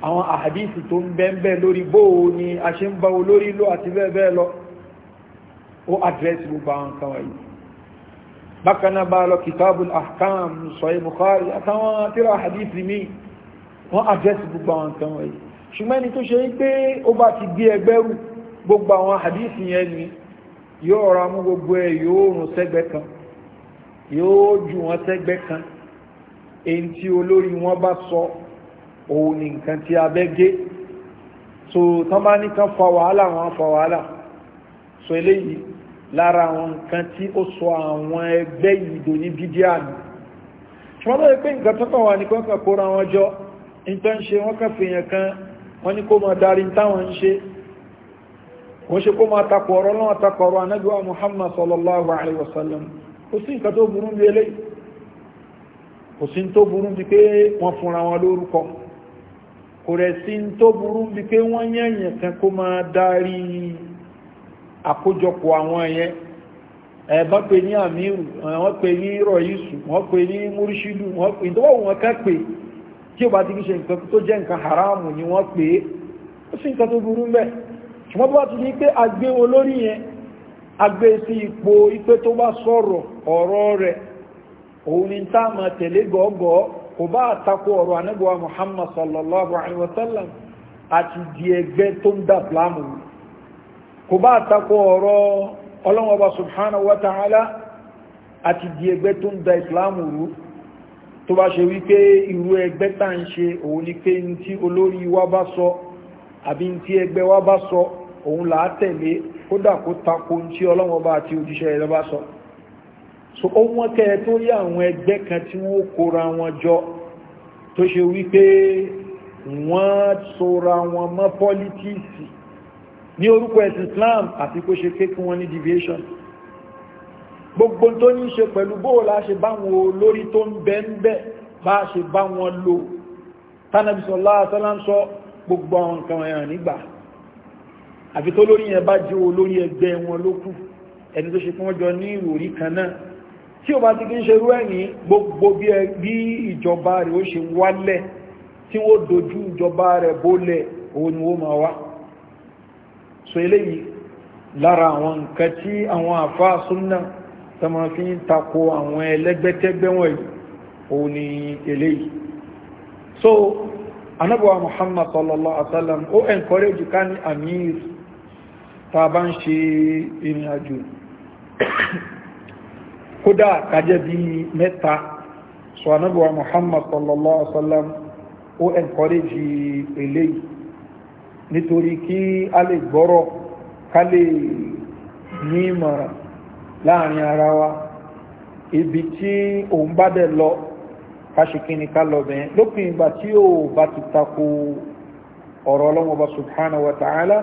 àwọn àhàdìsì tó ń bẹ́ẹ̀bẹ́ lórí bóò ni a ṣe ń bá olórí ló àti bẹ́ẹ̀bẹ́ lọ ó àdírẹ́sì gbogbo àwọn kan wáyé bákaná bá lọ kìtàbù ahkam sọ̀yẹ̀ bukhari àtàwọn tíra àhàdìsì mi wọ́n àdírẹ́sì gbogbo àwọn kan wáyé ṣùgbọ́n ẹni tó ṣe pé ó bá ti gbé ẹgbẹ́rù gbogbo àwọn yóò jù wọn sẹgbẹ kan èyí tí olórí wọn bá sọ òun ni nǹkan tí abẹ́ gé so tán bá ní kan fa wàhálà wọn fa wàhálà so eléyìí lára àwọn nǹkan tí ó sọ àwọn ẹgbẹ́ yìí ní bídíà nù ṣùgbọ́n pé nǹkan tó kàn wà wọn jọ ń ṣe wọ́n kàn fèèyàn kan wọ́n ní kó máa darí táwọn ń ṣe ṣe kò sí buru tó burú bí eléyìí kò sí tó burú bí pé wọ́n fúnra wọn lórúkọ kò rẹ̀ sí tó burú bí pé wọ́n yẹ̀yẹ̀ kan kó máa darí àkójọpọ̀ àwọn yẹn ẹ̀bá pè ní amiru wọ́n pè ní rọ̀yísù wọ́n pè ní múríṣílù wọ́n pè tó wọ́n ká pè tí ó bá ti kí ṣe nǹkan tó jẹ́ nǹkan haramu ni wọ́n pè é ó sì nǹkan tó burú agbé sí ipò ipé tó bá sọ̀rọ̀ ọ̀rọ̀ rẹ̀ òun ni tá a máa tẹ̀lé gọ́gọ́ kò bá àtakò ọ̀rọ̀ muhammad sallallahu alayhi wa sallam àti di ẹgbẹ́ tó ń dà fúlàmù kò bá àtakò ọ̀rọ̀ subhanahu wa ta'ala àti di ẹgbẹ́ tó ń da ìsìláàmù tó bá ṣe wípé irú ẹgbẹ́ tà ń ṣe òun ni olórí wa bá sọ àbí ní tí wa bá sọ òun là kódà kó tako tí ọlọ́wọ́n bá ti òjíṣẹ́ ẹ̀rọ bá sọ so ó wọ́n kẹ́ tó rí àwọn ẹgbẹ́ kan tí wọ́n kóra wọn jọ tó ṣe wípé wọ́n sora wọn mọ́ pọ́lítíìsì ní orúkọ ẹ̀sìn Islam àti kó ṣe kékun wọn ní deviation gbogbo tó ní ṣe pẹ̀lú bóòlá ṣe bá wọn olórí tó ń bẹ ń bẹ bá ṣe bá wọn lò tánàbìsọ̀lá sọ́lá ń gbogbo àwọn nǹkan ẹ̀yàn nígbà àfi tó lórí yẹn bá jẹ́ olórí ẹgbẹ́ wọn ló kù ẹni tó ṣe fún ọjọ́ ní ìròrí kan náà tí ó bá ti kí ń ṣerú ẹ̀yìn gbogbo bí ìjọba rẹ̀ ó ṣe wálẹ̀ tí wọ́n dojú ìjọba rẹ̀ bólẹ̀ òun ni ó ma wá so eléyìí lára àwọn nǹkan tí àwọn àfá súnnà tó ma fi ń tako àwọn ẹlẹ́gbẹ́tẹ́gbẹ́ wọ̀nyí òun ni eléyìí so amir tá a bá ń ṣe ìrìn àjò kódà kájẹ́ bí mẹ́ta sọ anábíwa muhammad sallallahu alaihi wasallam ó encourage eléyìí nítorí kí a lè gbọ́rọ̀ ká lè ní ìmọ̀ràn láàrin ara wa ibi tí òun bá dẹ̀ lọ káṣekíní ká lọ lópin ìgbà tí ó bá ti tako ọ̀rọ̀ ọlọ́mọba subhanahu wa ta'ala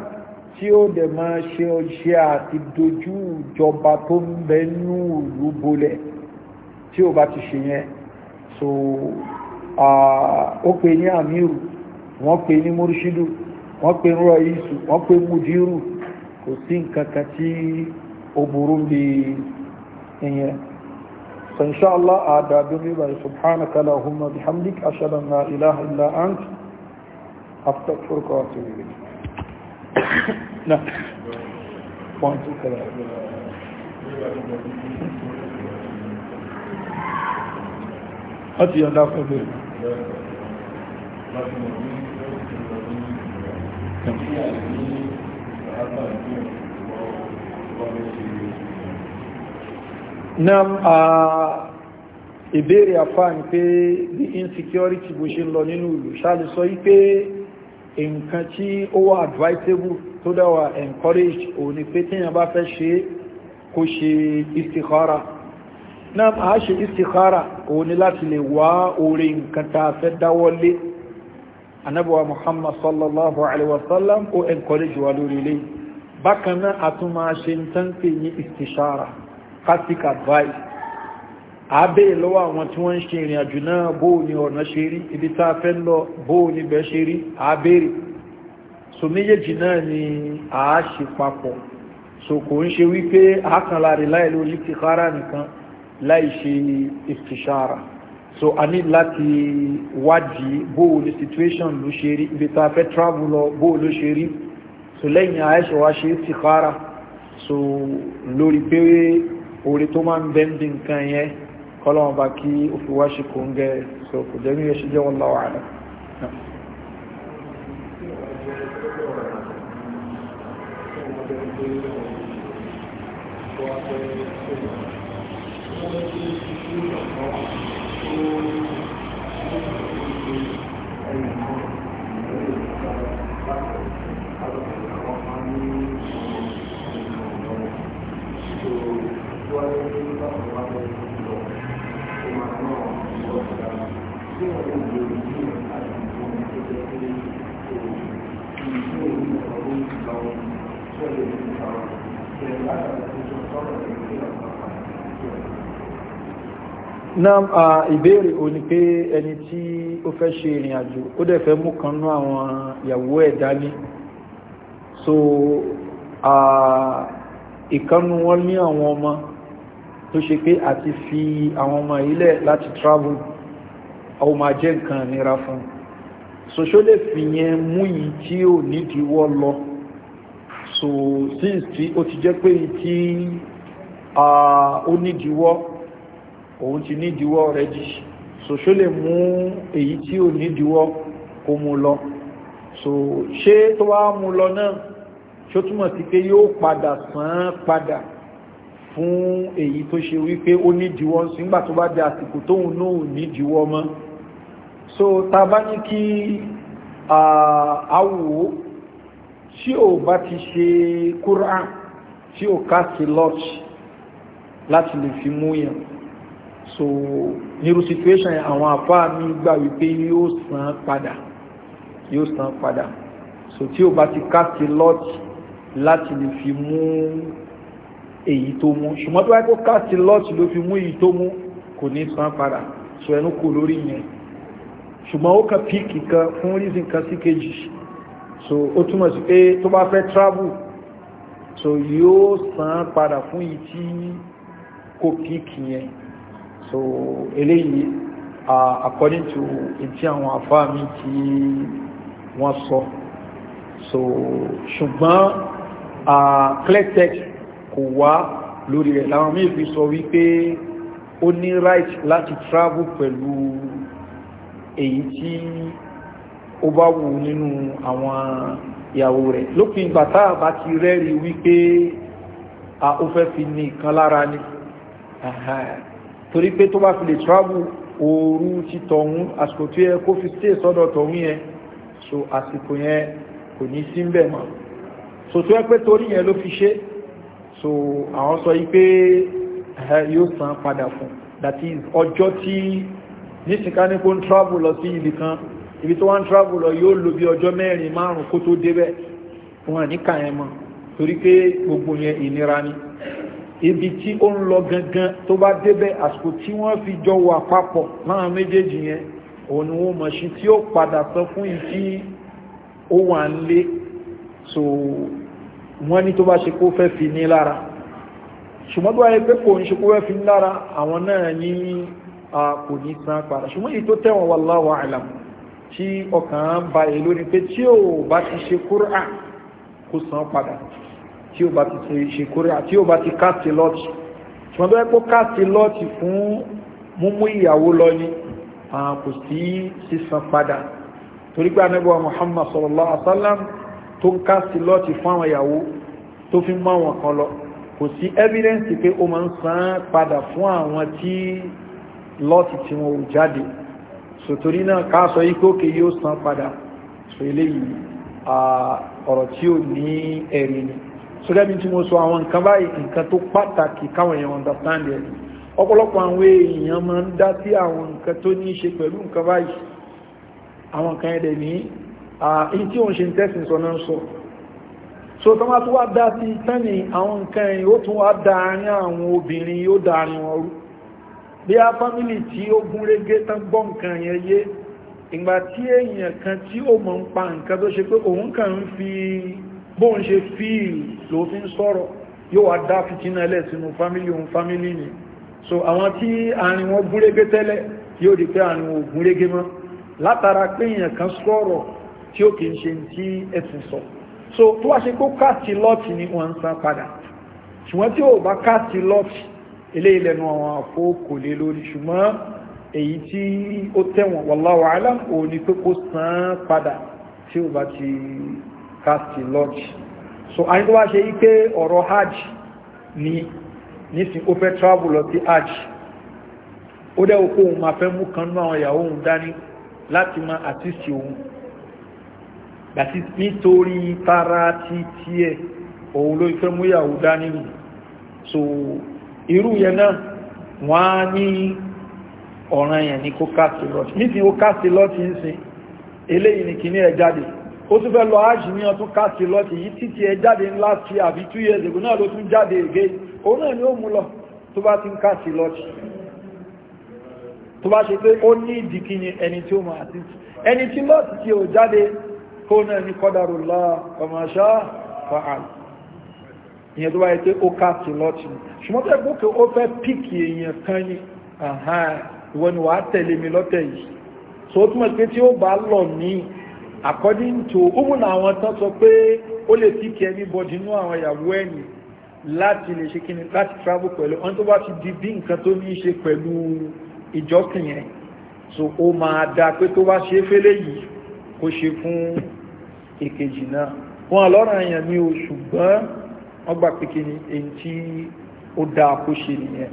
tí ó dẹ̀ máa ṣe ọṣẹ́ àti dojú ìjọba tó ń bẹ nú ìlú bolẹ̀ tí ó bá ti ṣe yẹn so ó pè ní amiru wọ́n pè ní murshidu wọ́n pè ní rọ̀ìsù wọ́n pè mudiru kò sí nǹkan kan tí ó burú bí ìyẹn so inshallah àdàbí mi bàrẹ̀ subhanaka allahumma bihamdik ashhadu an la ilaha illa ant astaghfiruka wa atubu ilayk náà wọ́n tún kẹrẹ wọ́n ti yọ̀dá fún mi Nam a ìbéèrè àfáà ní pé the insecurity bó ṣe lọ nínú ìlú ṣáàlùsọ yí pé nǹkan tí ó wà advisable tó dáwà encourage òní pé tíyàn bá fẹ́ ṣe kó ṣe istikhara náà a ṣe istikhara òní láti lè wá orí nǹkan tá fẹ́ dáwọ́lé anábọ̀wà muhammad sallallahu alaihi wasallam ó encourage wa lórí ilé bákan náà a tún máa ṣe ń tán pè ní istishara classic advice àbẹ́ lọ́wọ́ àwọn tí wọ́n ń ṣe ìrìn àjò náà bóò ní ọ̀nà ṣe rí ibi tá a fẹ́ lọ bóò ní bẹ́ ṣe rí àbẹ́rẹ̀ so méjèèjì náà ni a ṣe papọ̀ so kò ń ṣe wípé àákànlá rẹ̀ láì lórí ti kára nìkan láì ṣe ìfìṣàrà so a ní láti wádìí bóò ní situation ló ṣe rí ibi tá a fẹ́ travel lọ bóò ló ṣe rí so lẹ́yìn àáṣọ wa ṣe ìfìkára so lórí pé orí tó máa ń bẹ́ndì nǹkan yẹn kọ́lọ́wọ́n bá kí ó fi wá ṣe kò ń gẹ́ so kò ní ẹṣẹ́ jẹ́ wallahu a'lam náà a ìbéèrè ò ní pé ẹni tí ó fẹ́ ṣe ìrìn àjò ó dẹ̀ fẹ́ mú kan àwọn ìyàwó ẹ̀ dání so ìkanu wọn ní àwọn ọmọ tó ṣe pé àti fi àwọn ọmọ ilẹ̀ láti travel àwọn máa jẹ́ nǹkan nira fún ṣoṣo lè fi yẹn mú yìí tí ò nídìíwọ́ lọ so since tí ó ti jẹ́ pé tí ó nídìíwọ́ òun ti nídìíwọ́ rẹ̀ jì so ṣó lè mú èyí tí ò nídìíwọ́ kó mú lọ so ṣé tó wá mú lọ náà ṣó túmọ̀ sí pé yóò padà sàn padà fún èyí tó ṣe wípé ó nídìíwọ́ sígbà tó bá di àsìkò tóun náà nídìíwọ́ mọ́ so ta bá ní kí àwò tí ò bá ti ṣe kúrán tí ò ká sí lọ́ọ̀tì láti lè fi mú yẹn so nírú situation àwọn àfáà mi gbà wípé yóò san padà yóò san padà so tí o bá ti káàkiri lot láti lè fi mú èyí tó mú ṣùgbọ́n tó wáyé kó káàkiri lot ló fi mú èyí tó mú kò ní san padà so ẹnu kò lórí yẹn ṣùgbọ́n ó kàn píìkì kan fún reason kan sí kejì so ó túmọ̀ sí pé tó bá fẹ́ travel so yóò san padà fún èyí tí kò píìkì yẹn so eléyìí uh, according to etí àwọn afáàmì tí wọ́n sọ so ṣùgbọ́n uh, clear text kò wá lórí rẹ̀ láwọn míì fi sọ wípé ó ní right láti travel pẹ̀lú èyí tí ó bá wù nínú àwọn ìyàwó rẹ̀ lópin ìgbà tá a bá ti rẹ́rìí wípé a ó fẹ́ fi ní ìkan lára ni. Uh -huh torí pé tó bá fi lè travel ooru ti tọ̀hún àsìkò tó yẹ kó fi stay sọ́dọ̀ tọ̀hún yẹn so àsìkò yẹn kò ní sí bẹ̀ mọ́ so tó yẹ pé torí yẹn ló fi ṣe so àwọn sọ yí pé yóò san padà fún that is ọjọ́ tí nísìnká ní kó ń travel lọ sí ibì kan ibi tó wá ń travel lọ yóò lo bí ọjọ́ mẹ́rin márùn-ún kó tó débẹ̀ wọn ní yẹn mọ́ torí pé gbogbo yẹn ìnira ni ibi tí ó ń lọ gangan tó bá débẹ̀ àsìkò tí wọ́n fi jọ wà papọ̀ láwọn méjèèjì yẹn òun ni wọ́n mọ̀ sí tí ó padà sọ fún ìtí ó wà ń lé so wọ́n ní tó bá ṣe kó fẹ́ fi ní lára ṣùgbọ́n tó wáyé pé kò ń ṣe kó fẹ́ fi ní lára àwọn náà ní kò ní san padà ṣùgbọ́n èyí tó tẹ̀wọ̀n wallahu a'lam tí ọkàn ba èlò ni pé tí ò bá ti ṣe kúrò kó san padà tí ó bá ti ṣe kórè àti ó bá ti káàtì lọ́ọ̀tì ṣùgbọ́n tó yẹ kó káàtì lọ́ọ̀tì fún múmú ìyàwó lọ ni kò sí sísan padà torí pé anábọ̀ Muhammad sallallahu alaihi wasallam tó ń káàtì lọ́ọ̀tì fún àwọn ìyàwó tó fi mọ́ àwọn kan lọ kò sí evidence pé ó máa ń san padà fún àwọn tí lọ́ọ̀tì tí wọn ò jáde sòtòrí náà ká sọ yí òkè yóò san padà sọ eléyìí ọ̀rọ̀ tí ò ní ẹ̀rí ni sọ́gẹ́bí tí mo sọ àwọn nǹkan báyìí nǹkan tó pàtàkì káwọn èèyàn understand ẹ̀ ọ̀pọ̀lọpọ̀ àwọn èèyàn máa ń dá sí àwọn nǹkan tó ní ṣe pẹ̀lú nǹkan báyìí àwọn nǹkan ẹ̀dẹ̀ ní èyí tí wọ́n ṣe ń tẹ́sìn sọ náà sọ so tó máa tó wá dá sí tẹ́nì àwọn nǹkan ẹ̀yìn ó tún wá dáárín àwọn obìnrin yóò dáárín wọn rú bí a fámílì tí ó gún régé tán gbọ́ nǹkan yẹn yé ìgbà tí èèyàn kan tí ó mọ̀ ń pa nǹkan tó ṣe pé òun kàn ń fi bóun ṣe fíìl ló fi ń sọ̀rọ̀ yóò wá dá fìtínà ẹlẹ̀ sínú fámílì òun fámílì ni so àwọn tí àárín wọn gúnrégé tẹ́lẹ̀ yóò di pé àárín wọn gúnrégé mọ́ látara pé èèyàn kan sọ̀rọ̀ tí ó kìí ṣe tí ẹ̀sìn sọ so tó wá ṣe kó káàtì lọ́ọ̀tì ni wọ́n ń san padà ṣùgbọ́n tí ò bá káàtì lọ́ọ̀tì eléyìí lẹ́nu àwọn àfó kò lè lórí ṣùgbọ́n èyí tí ó tẹ̀wọ̀n wallahu alam òun pé kó san padà tí ò bá ti káàsì lọ́jì so a ní tó wá ṣe yí ọ̀rọ̀ hajj ni nísìn ó fẹ́ travel lọ sí hajj ó dẹ́ okó òun máa fẹ́ mú kan nú àwọn ìyàwó òun dání láti máa àtìsí òun gbàtí nítorí tara ti tiẹ̀ òun ló fẹ́ mú ìyàwó dání nì so irú yẹn náà wọ́n á ní ọ̀ràn yẹn ní kó káàsì lọ́jì nísìn ó káàsì lọ́jì ń sìn eléyìí ni kìíní ẹ̀ jáde ó tún fẹ́ lọ ájì ní ọdún káàkiri lọ sí yìí títí ẹ jáde ńlá ti àbí two years ago náà ló tún jáde ègé òun náà ni ó mú lọ tó bá ti ń káàkiri lọ sí tó bá ṣe pé ó ní ìdíkí ni ẹni tí ó máa àti ẹni tí lọ sí ti ò jáde kó náà ní kọ́dàrú lọ ọmọ ni ìwọ ni wàá tẹ̀lé mi lọ́tẹ̀ yìí tó túmọ̀ pé tí ó bá lọ míì according to umu na àwọn tán sọ pé ó lè pick anybody nú àwọn ìyàwó ẹni láti lè ṣe kíni láti travel pẹ̀lú ọ̀n tó bá ti di bí nǹkan tó ní í ṣe pẹ̀lú ìjọsìn yẹn so ó máa dáa pé tó bá ṣe fẹ́lẹ́ yìí kó ṣe fún èkejì náà wọn àlọ́ràn èèyàn ní o ṣùgbọ́n wọ́n gbà pé kíni èyí tí ó dáa kó ṣe nìyẹn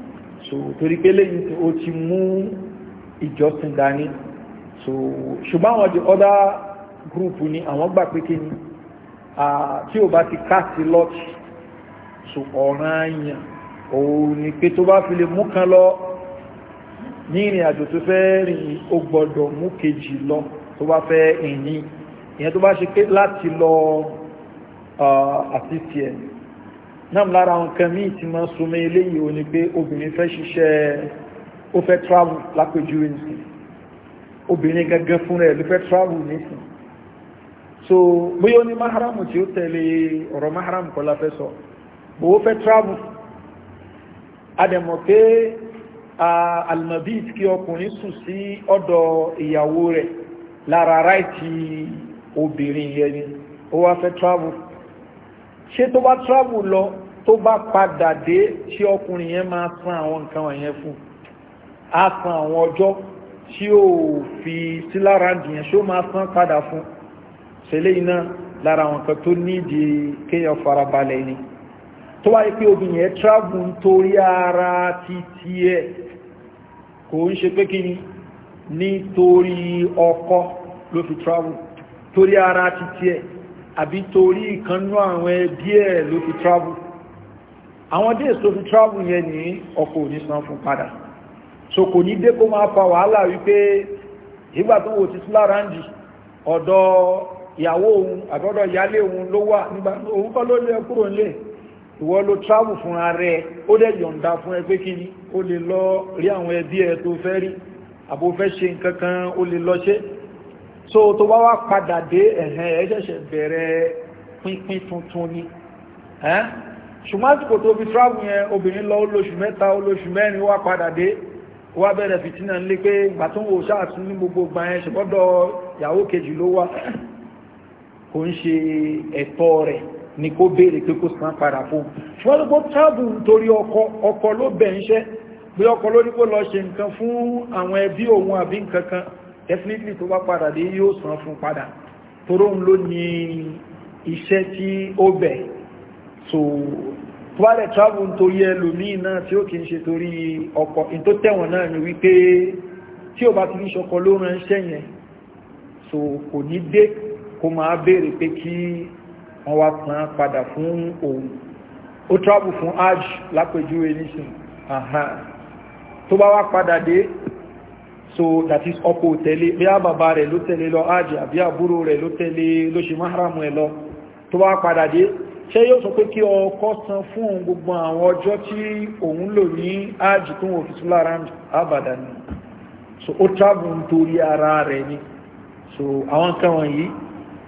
so torí pé lẹ́yìn ó ti mú ìjọsìn dání so ṣùgbọ́n àwọn the other gúrùpù ni àwọn gbà pé kí ni tí ò bá ti káàsì lọ́ọ̀tì so ọ̀ràn àyàn òun ni pé tó bá fi lè mú kan lọ ní ìrìn àjò tó fẹ́ rìn ó gbọ́dọ̀ mú kejì lọ tó bá fẹ́ ìní ìyẹn tó bá ṣe pé láti lọ àti tiẹ̀ náà lára nǹkan míì ti máa súnmọ́ eléyìí ò ní pé obìnrin fẹ́ ṣiṣẹ́ ó fẹ́ travel lápèjúwe nìsín obìnrin gangan fúnra ẹ̀ ló fẹ́ travel nìsín so bóyá ó ní maharamu tí ó tẹ̀lé ọ̀rọ̀ maharamu kọ́ fẹ́ sọ owó fẹ́ travel adẹ̀mọ̀ pé almabit kí ọkùnrin sùn sí ọ̀dọ̀ ìyàwó rẹ̀ lára ráìtì obìnrin yẹn ó wá fẹ́ travel ṣé tó bá travel lọ tó bá padà dé ṣé ọkùnrin yẹn máa san àwọn nǹkan wọ̀nyẹn fún a san àwọn ọjọ́ tí ó fi sílára dìyẹn ṣé ó máa san padà fún un sẹlẹ̀ iná lára àwọn kan tó nídìí kéèyàn farabalẹ̀ ni tó wáyé pé obìnrin yẹn travel nítorí ara títí ẹ̀ kò ń ṣe pé kíni nítorí ọkọ ló fi travel torí ara títí ẹ̀ àbí torí ìkannú àwọn ẹbí ẹ̀ ló fi travel àwọn days tó fi travel yẹn ní ọkọ̀ ò ní san fún padà so kò ní dé kó máa fa wàhálà wípé ìgbà tó wò ti sí lára ń ìyàwó òun àbọ́dọ̀ ìyálé òun ló wà nígbà òun kọ́ ló lé kúrò nílé ìwọ ló travel fúnra rẹ ó dẹ̀ yọ̀ǹda fún ẹ pé kí ni ó lè lọ rí àwọn ẹbí ẹ tó fẹ́ rí àbò fẹ́ ṣe nǹkan kan ó lè lọ ṣe so tó bá wá padà dé ẹ̀hẹ́n ẹ bẹ̀rẹ̀ pínpín tuntun ni ṣùgbọ́n àsìkò tó fi travel yẹn obìnrin lọ olóṣù mẹ́ta olóṣù mẹ́rin wá padà dé wá bẹ̀rẹ̀ fìtínà ń lé pé ìgbà tó tún ní gbogbo gbà yẹn ṣùgbọ́dọ̀ ìyàwó kejì ló wá kò ń ṣe ẹ̀tọ́ rẹ̀ ni kó béèrè pé kó san padà fún ṣùgbọ́n ló gbọ́ tábù torí ọkọ ọkọ ló bẹ̀ ń ṣẹ́ pé ọkọ ló ní kó lọ ṣe nǹkan fún àwọn ẹbí òun àbí nǹkan kan definitely tó bá padà dé yóò san fún padà toró ń ló ní iṣẹ́ tí ó bẹ̀ so tó bá lẹ̀ tábù torí ẹlòmíì náà tí ó kì í ṣe torí ọkọ in tó tẹ̀wọ̀n náà ni wípé tí ò bá ti ní ṣọkọ ló ránṣẹ́ yẹn so kò ní dé kó máa béèrè pé kí wọ́n wá pọn padà fún òun ó travel fún hajj lápèjúwe nísìn tó bá wá padà dé so that is ọkọ̀ tẹ̀lé bí á bàbá rẹ̀ ló tẹ̀lé lọ hajj àbí àbúrò rẹ̀ ló tẹ̀lé ló ṣe máhàrámù ẹ̀ lọ tó bá padà dé ṣe yóò sọ pé kí ọkọ san fún òun gbogbo àwọn ọjọ́ tí òun lò ní ájì tó wọ́n fi tún lára àbàdà ni so ó travel nítorí ara rẹ̀ ni so àwọn kan wọ̀nyí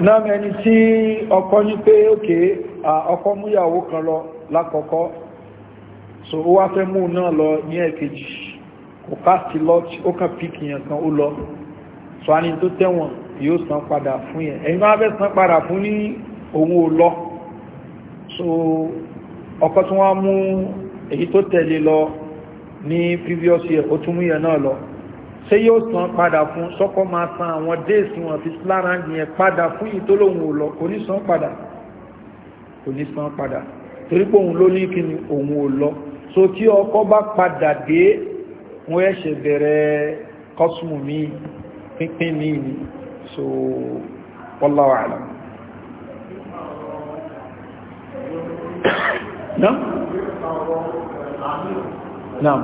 náà ẹni tí ọkọ ní pé òkè ọkọ múyàwó kan lọ lákọ̀ọ́kọ́ so ó wá fẹ́ mú náà lọ ní ẹ̀kejì kò káàkiri lọ ó kàn píkì yẹn kan ó lọ so a ní tó tẹ́wọ̀n yóò san padà fún yẹn ẹ̀yìn máa fẹ́ san padà fún ní òun ò lọ so ọkọ̀ tí wọ́n mú èyí tó tẹ̀lé lọ ní previous year ó tún mú yẹn náà lọ ṣé yóò san padà fún sọ́kọ́ máa san àwọn days wọn fi lára yẹn padà fún yìí tó kò ní san padà kò ní san padà torí pé òun ló ní kí ni òun ò lọ so tí ọkọ̀ bá padà dé wọ́n ẹ̀ṣẹ̀ bẹ̀rẹ̀ kọ́sùmù mi pínpín mi ni so wallahu a'lam Naam? Naam.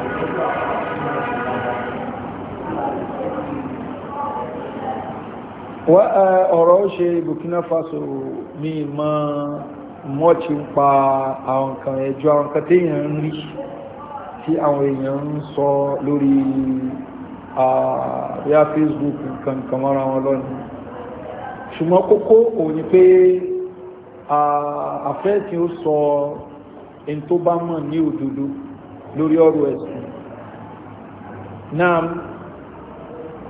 Thank you. Eh, ọ̀rọ̀ ṣe burkina faso mi mọ́ mọ́ọ̀tí ń pa àwọn nǹkan ẹjọ́ àwọn nǹkan téèyàn ń rí tí àwọn èèyàn ń sọ lórí àríyá facebook nǹkan nǹkan mọ́ra wọn lọ́nà ṣùgbọ́n kókó òun ni pé àfẹ́ tí ó sọ ẹni tó bá mọ̀ ní òdodo lórí ọ̀rọ̀ ẹ̀sìn náà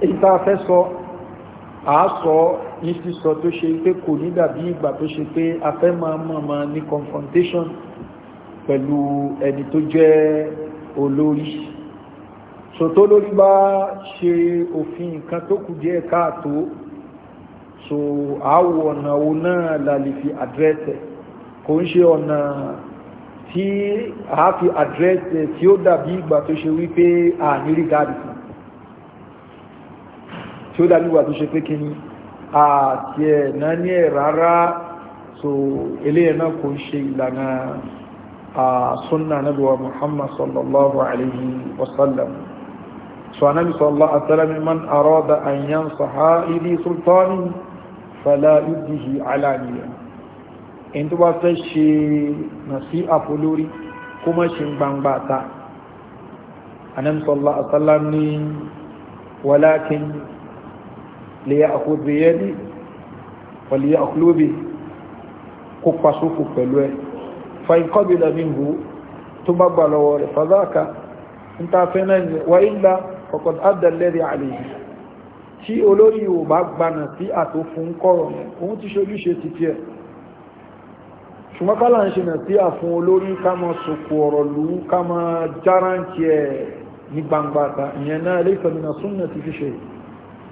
èyí tá a fẹ́ sọ àásọ ní sísọ tó ṣe pé kò ní dàbí ìgbà tó ṣe pé a máa mọ̀ mọ̀ ní confrontation pẹ̀lú ẹni tó jẹ́ olórí sòtó lórí bá ṣe òfin nǹkan tó kù díẹ̀ káàtó so àáwọ̀ ọ̀nà wo náà la lè fi àdírẹ́sẹ̀ kò ń ṣe ọ̀nà tí a fi àdírẹ́sẹ̀ tí ó dàbí ìgbà tó ṣe wípé à ní tí ó dájú wà tó ṣe pé kíní àti ẹ̀ náà ní ẹ̀ rárá so eléyẹ̀ náà kò ń ṣe ìlànà sunna nabuwa muhammad sallallahu alayhi wa sallam so anabi sallallahu alayhi wa sallam man arada an yansaha idi sultani fala yudihi alaniya in tó bá fẹ́ ṣe nasiha fólórí kó má ṣe gbangba ta anabi sallallahu alayhi wa sallam ni walakin liya'khud bi yadihi wa liya'khulu bihi kó pasófò pẹ̀lú ẹ fa in qabila minhu tó bá gbà lọ́wọ́ rẹ̀ fa dhaka ń ta fẹ́ náà ní wa illa faqad adda alladhi alayhi tí olórí ò bá gbanà sí àtòfún kọ̀rọ̀ yẹn òun ti ṣojúṣe títí ẹ̀ ṣùgbọ́n kálà ń ṣe nà sí àfún olórí ká máa sòkò ọ̀rọ̀ lù ú ká máa járáǹtì ẹ̀ gbangba ta ìyẹn náà lè sọ̀rọ̀ nà sunnati fi ṣe yìí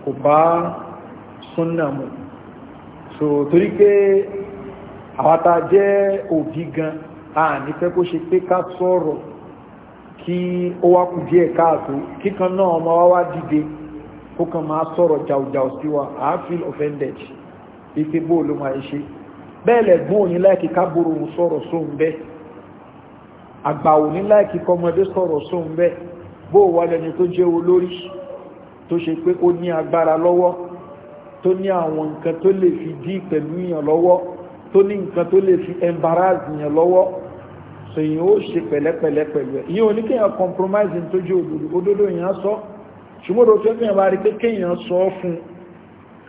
kò bá súnnà mu so torí pé àwátá jẹ́ òbí gan a ní fẹ́ kó ṣe pé ká sọ̀rọ̀ kí ó wá kù díẹ̀ káàtó kíkan náà ọmọ wá wá dìde ó kàn máa sọ̀rọ̀ jàùjàù sí wa i feel offended ife bó ló máa ṣe bẹ́ẹ̀ lẹ́gbọ́n òní láìkí kábòrò òun sọ̀rọ̀ sóun bẹ́ẹ̀ àgbà òní láìkí kọmọdé sọ̀rọ̀ sóun bẹ́ẹ̀ bó wà lẹni tó jẹ́ olórí tó ṣe pé ó ní agbára lọ́wọ́ tó ní àwọn nǹkan tó lè fi dí pẹ̀lú yàn lọ́wọ́ tó ní nǹkan tó lè fi embarrass yàn lọ́wọ́ so yìí ó ṣe pẹ̀lẹ́pẹ̀lẹ́ pẹ̀lú ẹ̀ yìí ò ní kéèyàn compromise tó jẹ́ òdodo òdodo yàn sọ ṣùgbọ́n òfin fún yàn bá rí pé kéèyàn sọ fún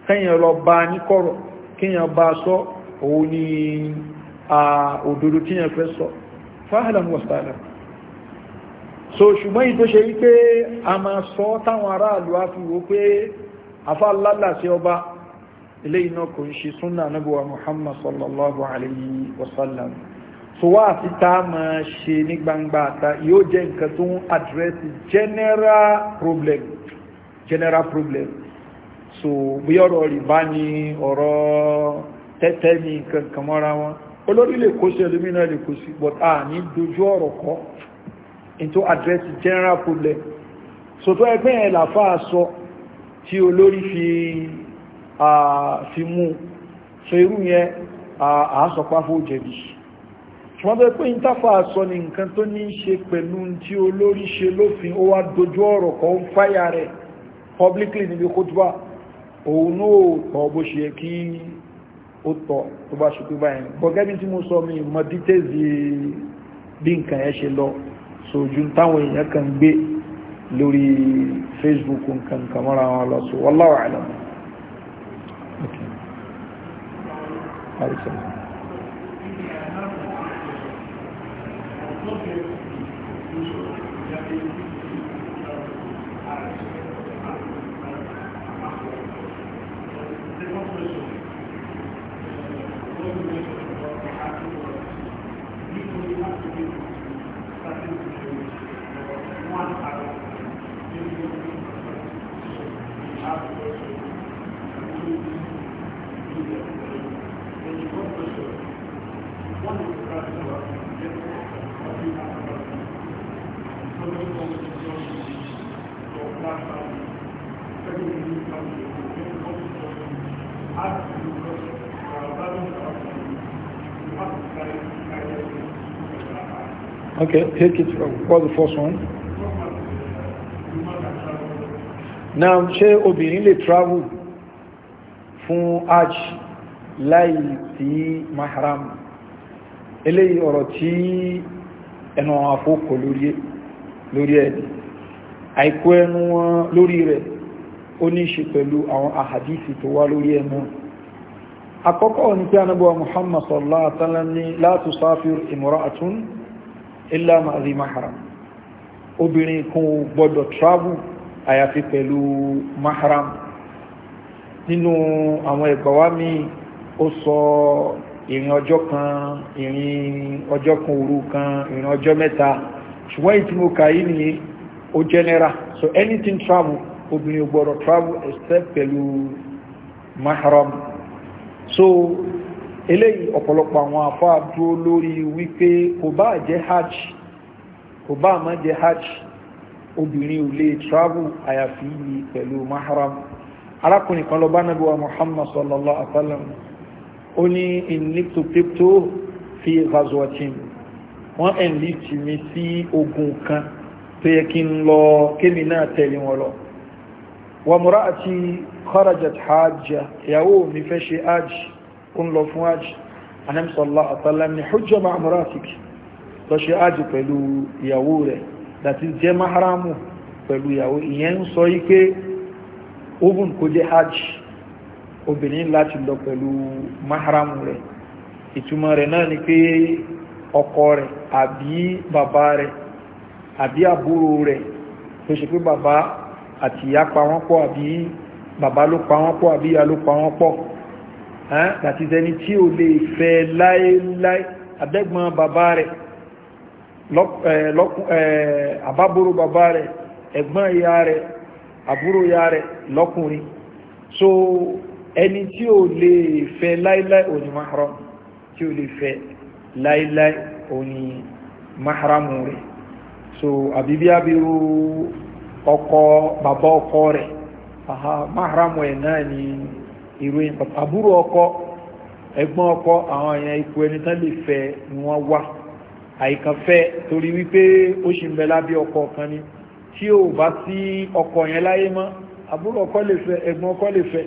kéèyàn lọ bá ní kọ̀rọ̀ kéèyàn bá sọ òun ni òdodo tí fẹ́ sọ fáhàlà ń wọ̀ sáàlà so ṣùgbọ́n yìí tó ṣe wípé a máa sọ táwọn aráàlú á fi wó pé afá sí ọba ilé iná kò ń ṣe súnà nábúwa muhammad sallallahu alayhi wasallam so wá àti tá a máa ṣe ní gbangba àta yóò jẹ́ nǹkan tó ń general problem general problem so bí ọ̀rọ̀ rìbá ni ọ̀rọ̀ tẹ́tẹ́ ni nǹkan kan mọ́ra wọn olórí lè kó sí ẹlòmínà lè kó sí but a ní dojú ọ̀rọ̀ kọ́ into address general problem so tó ẹgbẹ́ yẹn làfà sọ tí olórí fi mú so irú yẹn àásọpáfó jẹ̀bi ṣùgbọ́n tó pé ìtafà sọ ni nǹkan tó ní í ṣe pẹ̀lú tí olórí ṣe lófin ó wá dojú ọ̀rọ̀ kan ń fáyà rẹ̀ publicly níbi kótóbá òun náà tọ́ bó ṣe kí ó tọ́ tó bá ṣe pé báyìí bọ̀gẹ́bí tí mo sọ mi mọ̀ dítẹ́ẹ̀sì bí nǹkan ẹ̀ ṣe lọ sojú táwọn èèyàn kan gbé lórí facebook nǹkan kàmọ́ra wọn lọ sí wallahu a'lam Thank you. Okay, take it from what's the first one? Now, ṣé obìnrin lè travel fún hajj láì sí mahram? Eléyìí ọ̀rọ̀ tí ẹnu àwọn afọ́kọ̀ lórí ẹ̀dì. Àìkú ẹnu wọn lórí rẹ̀, ó ní ṣe pẹ̀lú àwọn àhàdìsì tó wá lórí ẹnu. Àkọ́kọ́ ni pé anábọ̀ Muhammad sallallahu alaihi wasallam ni la tusafiru imra'atun illa ma zi mahram obìnrin kan ò gbọ́dọ̀ travel àyàfi pẹ̀lú mahram nínú àwọn ẹ̀gbọ́n wa mi ó sọ ìrìn ọjọ́ kan ìrìn ọjọ́ kan òru kan ìrìn ọjọ́ mẹ́ta ṣùgbọ́n ìtí mo kà yí nìyí ó general so anything travel obìnrin ò gbọ́dọ̀ travel except pẹ̀lú mahram so eléyìí ọ̀pọ̀lọpọ̀ àwọn afá dúró lórí wípé kò bá jẹ́ hajj kò bá má jẹ́ hajj obìnrin ò lè travel àyàfi yìí pẹ̀lú mahram arákùnrin kan lọ bá nàbí wa muhammad sallallahu alaihi wa sallam ó ní ìníkto pépto fi vazuatin wọ́n enlist mi sí ogun kan tó yẹ kí n lọ kémi náà tẹ̀lé wọn lọ wa àti kharajat hajj ìyàwó mi fẹ́ ṣe hajj ó ń lọ fún ájì anẹ́mìsọ̀lá àtàlẹ́m ni hujja ma'amuratik lọ ṣe ájì pẹ̀lú ìyàwó rẹ̀ dàti jẹ́ maharamu pẹ̀lú ìyàwó ìyẹn ń sọ yí pé oven kò jẹ́ ájì obìnrin láti lọ pẹ̀lú maharamu rẹ̀ ìtumọ̀ rẹ̀ náà ni pé ọkọ rẹ̀ àbí bàbá rẹ̀ àbí àbúrò rẹ̀ tó ṣe pé bàbá àti ìyá pa wọ́n pọ̀ àbí bàbá ló pa wọ́n pọ̀ àbí ìyá ló pa wọ́n pọ̀ àti ẹni tí ò lè fẹ́ láéláé àbẹ́gbọ́n bàbá rẹ̀ àbábúrò bàbá rẹ̀ ẹ̀gbọ́n ìyá rẹ̀ àbúrò ìyá rẹ̀ lọ́kùnrin so ẹni tí ò lè fẹ́ láéláé ò mahram tí ò lè fẹ́ láéláé ò mahram rẹ̀ so àbíbí abirú ọkọ bàbá ọkọ rẹ̀ mahram ẹ̀ náà ni ìròyìn àbúrò ọkọ ẹ̀gbọ́n ọkọ àwọn èèyàn ipò ẹni tán lè fẹ́ ni wọ́n wá àìkànfẹ́ torí wípé ó ṣì ń bẹ lábẹ́ ọkọ kan ni tí ò bá sí ọkọ yẹn láyé mọ́ àbúrò ọkọ lè fẹ́ ẹ̀gbọ́n ọkọ lè fẹ́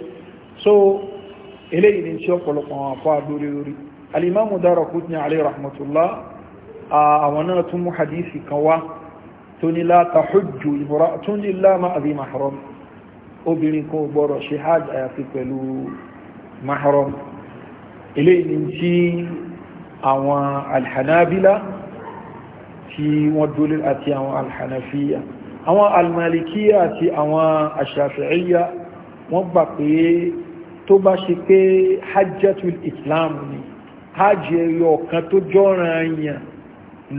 so eléyìí ni tí ọ̀pọ̀lọpọ̀ àwọn àpá àdórí orí alimamu Daraqutni alayhi rahmatullah àwọn náà tún mú hadisi kan wá tó ní la tahujju imra'atun illa ma'a obìnrin kan gbọ́rọ̀ ṣe hajj àyàfi pẹ̀lú mahram eléyìí ni tí àwọn alhanabila tí wọ́n dúlé àti àwọn alhanafiya àwọn almalikiya àti àwọn ashafi'iya wọ́n gbà pé tó bá ṣe pé hajjatul islam ni hajj ẹyọ kan tó jọ́ràn àyàn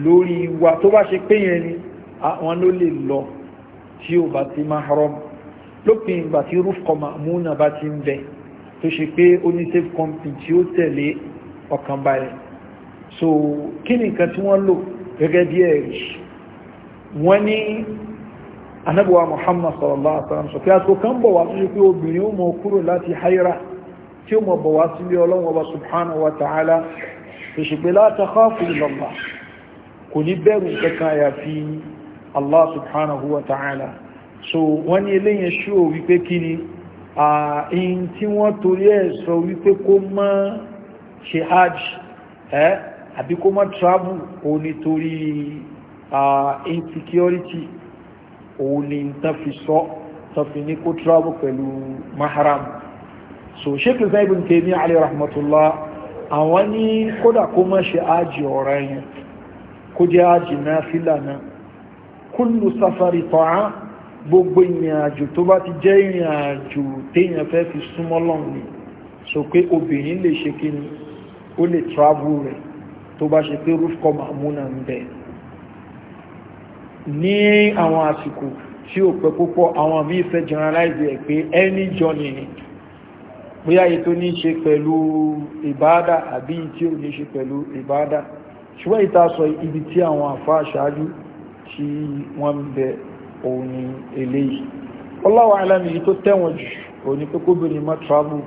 lórí wa tó bá ṣe pé yẹn ni àwọn ló lè lọ tí ó bá ti mahram lópin ìgbà tí rúfkọ màmúnà bá ti ń bẹ tó ṣe pé ó ní safe company tí ó tẹ̀lé ọkàn balẹ̀ so kí ni nǹkan tí wọ́n lò gẹ́gẹ́ bí ẹ̀rí wọ́n ní anábọ̀wá muhammad sallallahu alaihi wasallam àtò kan bọ̀ wá tó ṣe pé obìnrin ó mọ kúrò láti haira tí ó mọ bọ̀ wá sílé ọlọ́run ọba subhanahu wa ta'ala tó ṣe pé la takhafu illallah kò ní bẹ̀rù kankan àyàfi allah subhanahu wa ta'ala so wọ́n ní eléyìn ṣó wípé kí ni ààyìn tí wọ́n torí ẹ̀ sọ wípé kó mọ́ ṣe hajj ẹ́ àbí kó mọ́ travel òun nítorí insecurity òun ni tán fi sọ tán fi ní kó travel pẹ̀lú mahram so sheikh zayb ibn taymiyyah alayhi rahmatullah àwọn ní kódà kó mọ́ ṣe hajj ọ̀ranyàn kó jẹ́ hajj náà fìlànà kullu safari ta'a gbogbo ìrìn àjò tó bá ti jẹ́ ìrìn àjò téèyàn fẹ́ fi súnmọ́ lọ́hùn ni sọ pé obìnrin lè ṣe kí ni ó lè travel rẹ̀ tó bá ṣe pé rúfkọ́ màmúnà ń bẹ ní àwọn àsìkò tí ò pẹ́ púpọ̀ àwọn míì fẹ́ generalize ẹ̀ pé any journey ni bóyá èyí tó ní ṣe pẹ̀lú ìbáadà àbí tí ò ní ṣe pẹ̀lú ìbáadà ṣùgbọ́n ìta sọ ibi tí àwọn àfáà ṣáájú tí wọ́n ń bẹ̀ẹ́ òun ni eléyìí Allahu a'lam yìí tó tẹ̀wọ̀n jù òun ni pé kóbìnrin má travel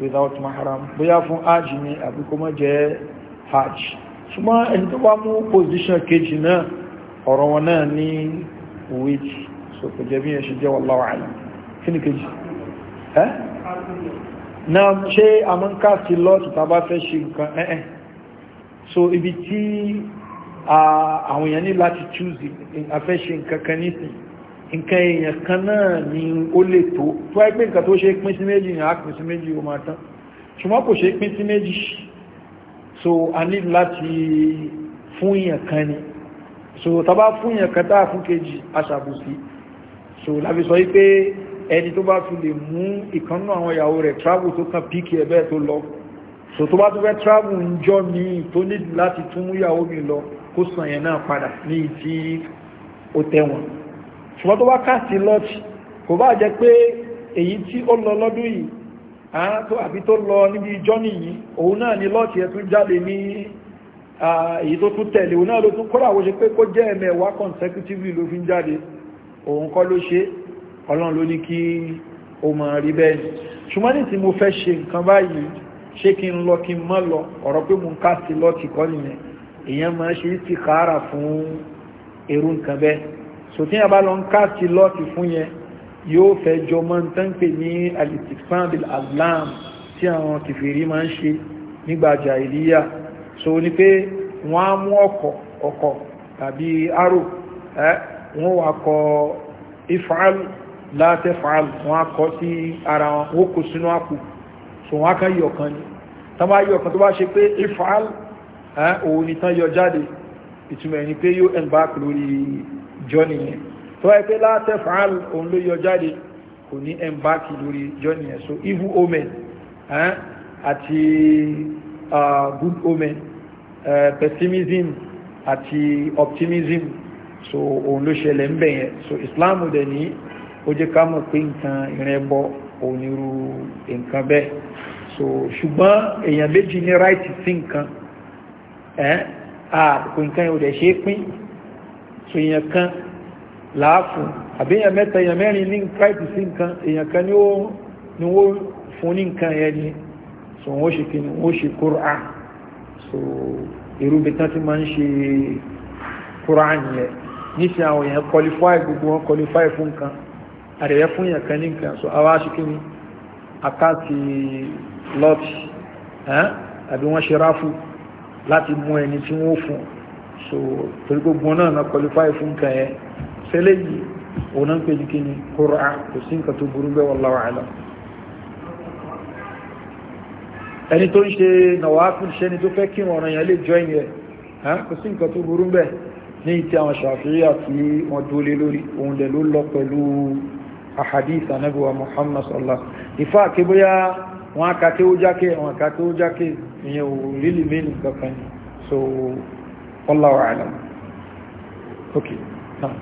without mahram bóyá fún hajj ni àbí kó má jẹ́ hajj ṣùgbọ́n ẹni tó bá mú position kejì náà ọ̀rọ̀ wọn náà ní wíìtì so kò jẹ́ bí ẹ ṣe jẹ́ Wallahu a'lam kí ni kejì ẹ́ náà ṣé àmọ́ǹkà sí lọ́ọ̀tì tá a bá fẹ́ ṣe nǹkan ẹ́ẹ́ so ibi tí àwọn èèyàn ní láti choose afẹ́ ṣe nǹkan kan nísìnyí nǹkan èèyàn kan náà ni ó lè tó tó ẹgbẹ́ nǹkan tó ṣe pín sí méjì yàn á pín sí méjì ó máa tán ṣùgbọ́n kò ṣe pín sí méjì so a ní láti fún èèyàn kan ni so tàbá fún èèyàn kan tá fún kejì aṣàbùsí so láfi sọ wípé ẹni tó bá fi lè mú ìkannú àwọn ìyàwó rẹ̀ travel tó kan píkì ẹ̀bẹ́ tó lọ so tó bá tó fẹ́ travel ń jọ ní tó ní láti tún ìyàwó mi lọ kó sàn yẹn náà padà ní ìtí ó tẹ̀wọ̀n ṣùgbọ́n tó bá káàsì lọ́ọ̀tì kò bá jẹ́ pé èyí tí ó lọ lọ́dún yìí àbí tó lọ níbi ìjọ́ nìyí òun náà ni lọ́ọ̀tì ẹ̀ tún jáde ní èyí tó tún tẹ̀lé òun náà ló tún kọ́ra wọ́n ṣe pé kó jẹ́ ẹ̀mẹ̀wá consecutively ló fi ń jáde òun kọ́ ló ṣe ọlọ́run ló ní kí o máa rí bẹ́ẹ̀ ṣùgbọ́n ní tí mo fẹ́ ṣe nǹkan báyìí ṣé kí n lọ kí n mọ́ lọ ọ̀rọ̀ pé mo ń ká sí kọ́ nìyẹn èèyàn máa ṣe é sì káàrà fún irú nǹkan bẹ́ẹ̀ sòtí yàbá lọ ń káàkiri lọ́ọ̀tì fún yẹn yóò fẹ́ jọ mọ́ ń tán pè ní alitifandil alam tí àwọn kìfèrí máa ń ṣe nígbà jàìlíyà so ní pé wọ́n á mú ọkọ̀ ọkọ̀ tàbí arò ẹ́ wọ́n wà kọ ifal látẹ́fal wọ́n á kọ́ sí ara wọn ó kò sínú àpò so wọ́n á kàn yí ọ̀kan ni tán bá yí ọ̀kan tó bá ṣe pé ifal ẹ́ òun ni tán yọ jáde ìtumọ̀ ẹni pé yóò embark lórí jọ́nì yẹn tó ẹ pé látẹ̀ fàál òun ló yọ jáde kò ní ẹ̀mbáàkì lórí jọ́nì yẹn so evil omen eh, àti uh, good omen eh, pessimism àti optimism so òun ló ṣẹlẹ̀ ń bẹ̀ yẹn so islam dẹ̀ ní ó jẹ́ ká mọ̀ pé nǹkan ìrìn bọ́ onírú nǹkan bẹ́ẹ̀ so ṣùgbọ́n èèyàn méjì ní right sí nǹkan ẹ̀ eh, àkókò nǹkan yóò dẹ̀ ṣe é pín so èèyàn kan làáfún àbí èèyàn mẹ́ta èèyàn mẹ́rin ní kíráìtì sí nǹkan èèyàn kan ni wọ́n fún ní nǹkan yẹn ni so wọ́n ṣe kí ni wọ́n ṣe kúrà so irú bí tán ti máa ń ṣe kúrà nìyẹn níṣẹ́ àwọn èèyàn qualify gbogbo wọn qualify fún nǹkan àrẹ̀yẹ fún èèyàn kan ní nǹkan so àwa ṣe kí ni àkáàtì lọ́ọ̀tì àbí wọ́n ṣe ráfù láti mú ẹni tí wọ́n fún un so torí gbogbo náà na qualify fún kan yẹn sẹlẹ̀ yìí òun náà ń pè ní kíni kóra kò sí nǹkan tó burú bẹ́ẹ̀ wallahu a'lam ẹni tó ń ṣe nàwáfíìl ṣe ni tó fẹ́ kí wọn ọ̀ràn yẹn lè join yẹ kò sí nǹkan tó burú bẹ́ẹ̀ ní ìtí àwọn ṣàfihàn àti wọn dúlé lórí òun lè ló lọ pẹ̀lú ahadith anabiwa muhammad sallallahu ìfá àkébóyá wọn akáké ó jákè wọn akáké ó jákè ìyẹn ò rí lè mí nìkan kan so والله أعلم أوكي نعم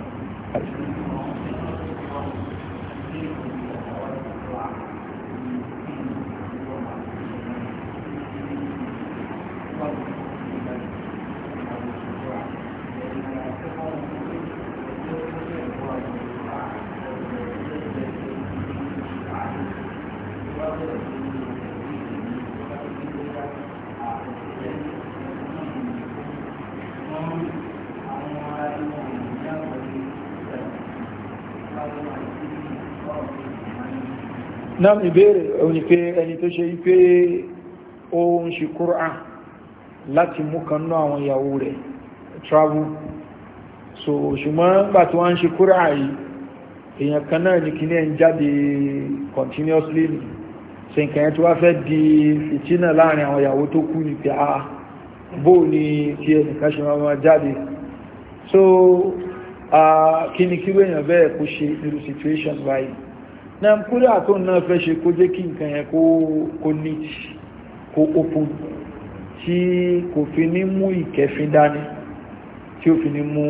náà ìbéèrè òní pé ẹni tó ṣe pé ó ń ṣe kúrán láti mú kan àwọn ìyàwó rẹ̀ travel so ṣùgbọ́n gbà tí wọ́n ń ṣe kúrán yìí èèyàn kan náà ní kí ní ẹ̀ jáde continuously ni ṣe nǹkan ẹ̀ tí wá fẹ́ di fìtínà láàrin àwọn ìyàwó tó kú ní pé a ah, bó ní tí ẹnìkan ṣe máa jáde so ah, kí ni kí wéèyàn bẹ́ẹ̀ kó ṣe irú situation báyìí na kúrò àtò náà fẹ́ ṣe kó jẹ́ kí nǹkan yẹn kó neat kó open tí kò fi ní mú ìkẹfin dání tí ó fi ní mú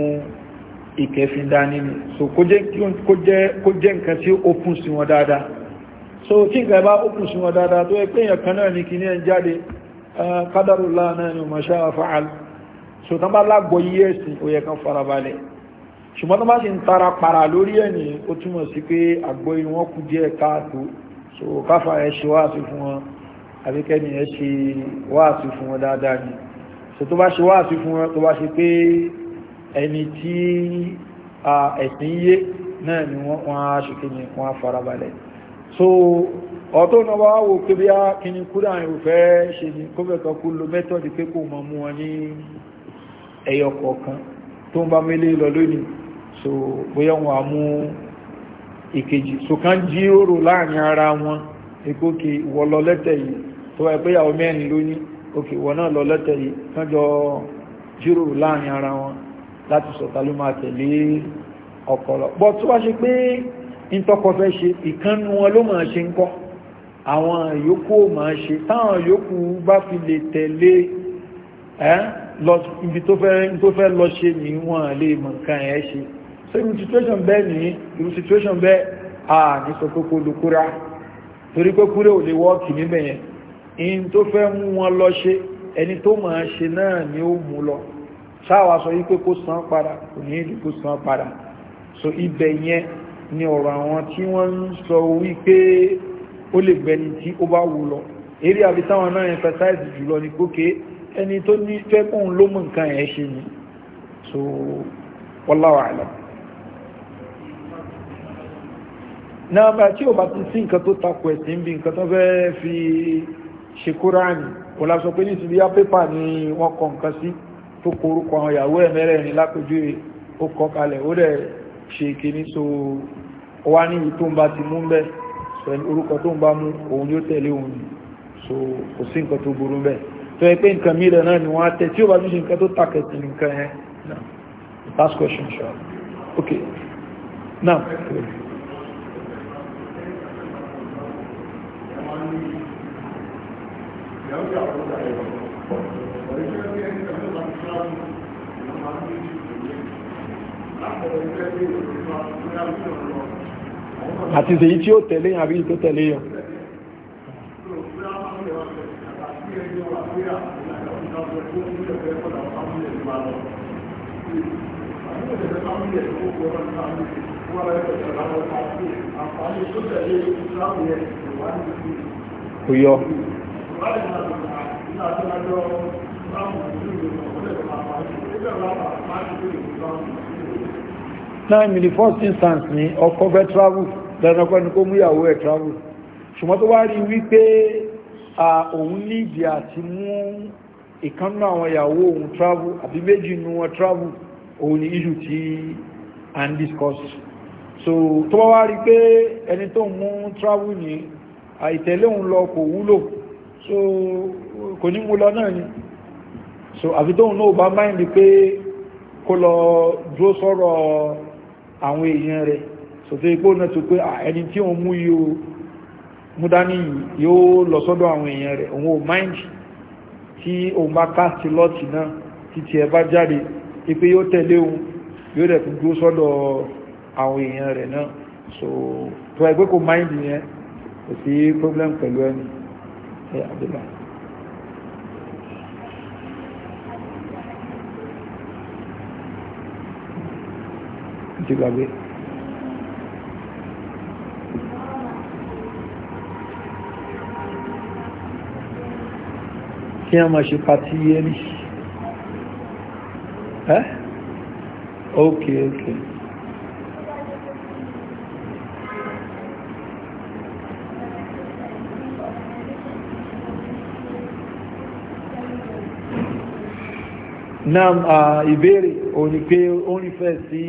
ìkẹfin dání ni so kó jẹ́ nǹkan tí ó open sí wọn dáadáa so tí nǹkan bá open sí wọn dáadáa tó ẹ pé èèyàn kan náà ní kí ní ẹ̀ jáde kádàrú láàánú ẹni ọmọ ṣáà fàáàlì so tán bá lágbọ́ yí ẹ̀sìn ó yẹ kan farabalẹ̀ ṣùgbọ́n tó bá ṣe ń tara para lórí ẹ̀yìn ó túmọ̀ sí pé àgbọ́ inú wọn kú díẹ̀ káàtó so káfà ẹ ṣe wáàsí fún wọn àbí ẹ ṣe wáàsí fún wọn dáadáa ni so tó bá ṣe wáàsí fún wọn tó bá ṣe pé ẹni tí ẹ̀sìn yé náà ni wọ́n á ṣe ni wọ́n á farabalẹ̀ so ọ̀tọ́ náà wá wò pé bí a kí ni kúrò àwọn ìrùfẹ́ ṣe ni kó kú lo mẹ́tọ̀dì pé kò mọ̀ mú wọn ní ẹyọ kọ̀ọ̀kan tó ń bá mélé lọ lónìí so bóyá wọn a mú ìkejì so kan jíròrò láàrin ara wọn ikú kí wọ lọ lẹ́tẹ̀ yìí tó wáyé pé ìyàwó mẹ́rin lóní òkè wọ náà lọ lẹ́tẹ̀ yìí kán jọ jíròrò láàrin ara wọn láti sọ̀tà ló máa tẹ̀lé ọ̀pọ̀lọ̀ bọ́ tó wá ṣe pé ìtọ́kọ̀ fẹ́ ṣe ìkánnú wọn ló máa ṣe ń kọ́ àwọn yòókù máa ṣe táwọn yòókù bá fi lè tẹ̀lé ẹ́ ibi tó fẹ́ lọ ṣe ní wọn lè mọ̀ nǹkan ẹ̀ ṣe irú situation bẹ́ẹ̀ ní irú situation bẹ́ẹ̀ à ní sọ pé kó lukúra torí pé kúrẹ́ ò lè wọ́ọ̀kì níbẹ̀ yẹn in tó fẹ́ mú wọn lọ ṣe ẹni tó máa ṣe náà ni ó mú lọ ṣáwa sọ wípé kó san padà kò ní ìdí kó san padà so ibẹ̀ yẹn ni ọ̀rọ̀ àwọn tí wọ́n ń sọ wípé ó lè gbẹni tí ó bá wù lọ eré àbí táwọn náà emphasize jùlọ ní kókè ẹni tó ní fẹ́ kóun ló mọ̀ nǹkan ẹ̀ ṣe ni so wallahu a'lam náà bá tí ó bá ti sí nǹkan tó takò ẹ̀sìn bí nǹkan tó fẹ́ fi ṣe kúránì kò lásọ pé ní ìsìnbí pépà ni wọ́n kọ nǹkan sí tó korúkọ àwọn ìyàwó ẹ̀ mẹ́rẹ̀ẹ̀rin lápẹjú ó kọ kalẹ̀ ó dẹ̀ ṣe ìkíní so wá ní ìyí tó ń bá ti mú ń bẹ́ orúkọ tó ń bá mú òun yóò tẹ̀lé òun ni so kò sí nǹkan tó burú bẹ́ẹ̀ tó yẹ pé nǹkan mìíràn náà ni wọ́n á tẹ̀ tí ó bá tún ṣe nǹkan tó takẹ̀sìn nǹkan yẹn last question sure okay now àti èyí tí ó tẹ̀lé yàn àbí tó tẹ̀lé yàn kò náà in the first instance ni ọkọ fẹ́ travel lẹ́nàkọ́ ní kó mú ìyàwó ẹ̀ travel ṣùgbọ́n tó wá rí wípé òun nídi àti mú ìkánnà àwọn ìyàwó òun travel àbí méjì nú wọn travel òun ni issue tí and discuss so tó wá rí pé ẹni tó mú travel ni àìtẹ̀lé òun lọ kò wúlò so kò ní mú lọ náà ni so àfitóhun náà bá máa ń di pé kó lọ dúró sọ́rọ̀ àwọn èèyàn rẹ̀ so tó ikú náà tó pé ẹni tí òun mú yíò mú dání yóò lọ sọ́dọ̀ àwọn èèyàn rẹ̀ òun ò mind tí òun bá káàkiri lọ́tì náà títí ẹ bá jáde ipé yóò tẹ̀lé òun yóò dẹ̀ tún dúró sọ́dọ̀ àwọn èèyàn rẹ̀ náà so tó ẹgbẹ́ kò mind yẹn kò sí problem pẹ̀lú ẹni é, عبد الله ti gbàgbé kí a máa ṣe pàtí ok ok náà ìbéèrè o ni pé ó ń fẹ́ sí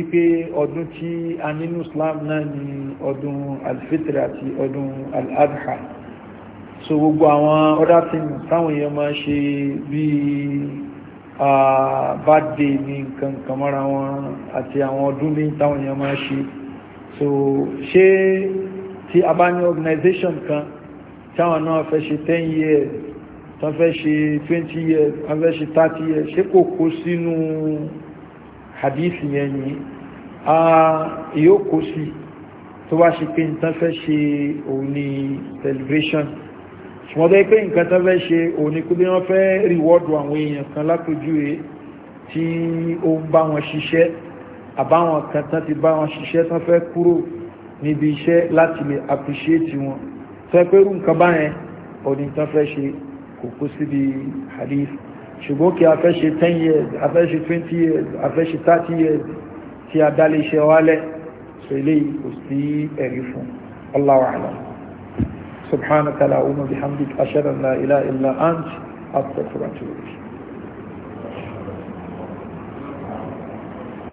ipé ọdún tí a nínú islam náà ni ọdún alfitri àti ọdún al'adha so gbogbo àwọn other things táwọn èèyàn máa ṣe bí birthday ní nǹkan kàmọ́ra wọn àti àwọn ọdún ní táwọn èèyàn máa ṣe so ṣé tí a bá ní organization kan táwọn náà fẹ́ ṣe 10 years tán fẹ́ ṣe 20 years tán fẹ́ ṣe 30 years ṣé kò kó sínú hadith yẹn yìí yóò kó sí tó bá ṣe pé nǹkan fẹ́ ṣe òun celebration ṣùgbọ́n bẹ́ẹ̀ pé nǹkan tán fẹ́ ṣe òun ni kúbí wọ́n fẹ́ rewọ́dù àwọn èèyàn kan lápèjúwe tí ó ń bá wọn ṣiṣẹ́ àbáwọn kan tán ti bá wọn ṣiṣẹ́ tán fẹ́ kúrò níbi iṣẹ́ láti lè appreciate wọn fẹ́ pẹ́rù nǹkan báyẹn òun tán fẹ́ ṣe kò kó síbi hadith ṣùgbọ́n kí a fẹ́ ṣe 10 years a fẹ́ ṣe 20 years a fẹ́ ṣe 30 years tí a dálé iṣẹ́ wálẹ̀ so ilé kò sí ẹ̀rí fún Allahu a'lam subhanaka la umma bihamdik ashhadu an la ilaha illa ant astaghfiruka wa atubu ilayk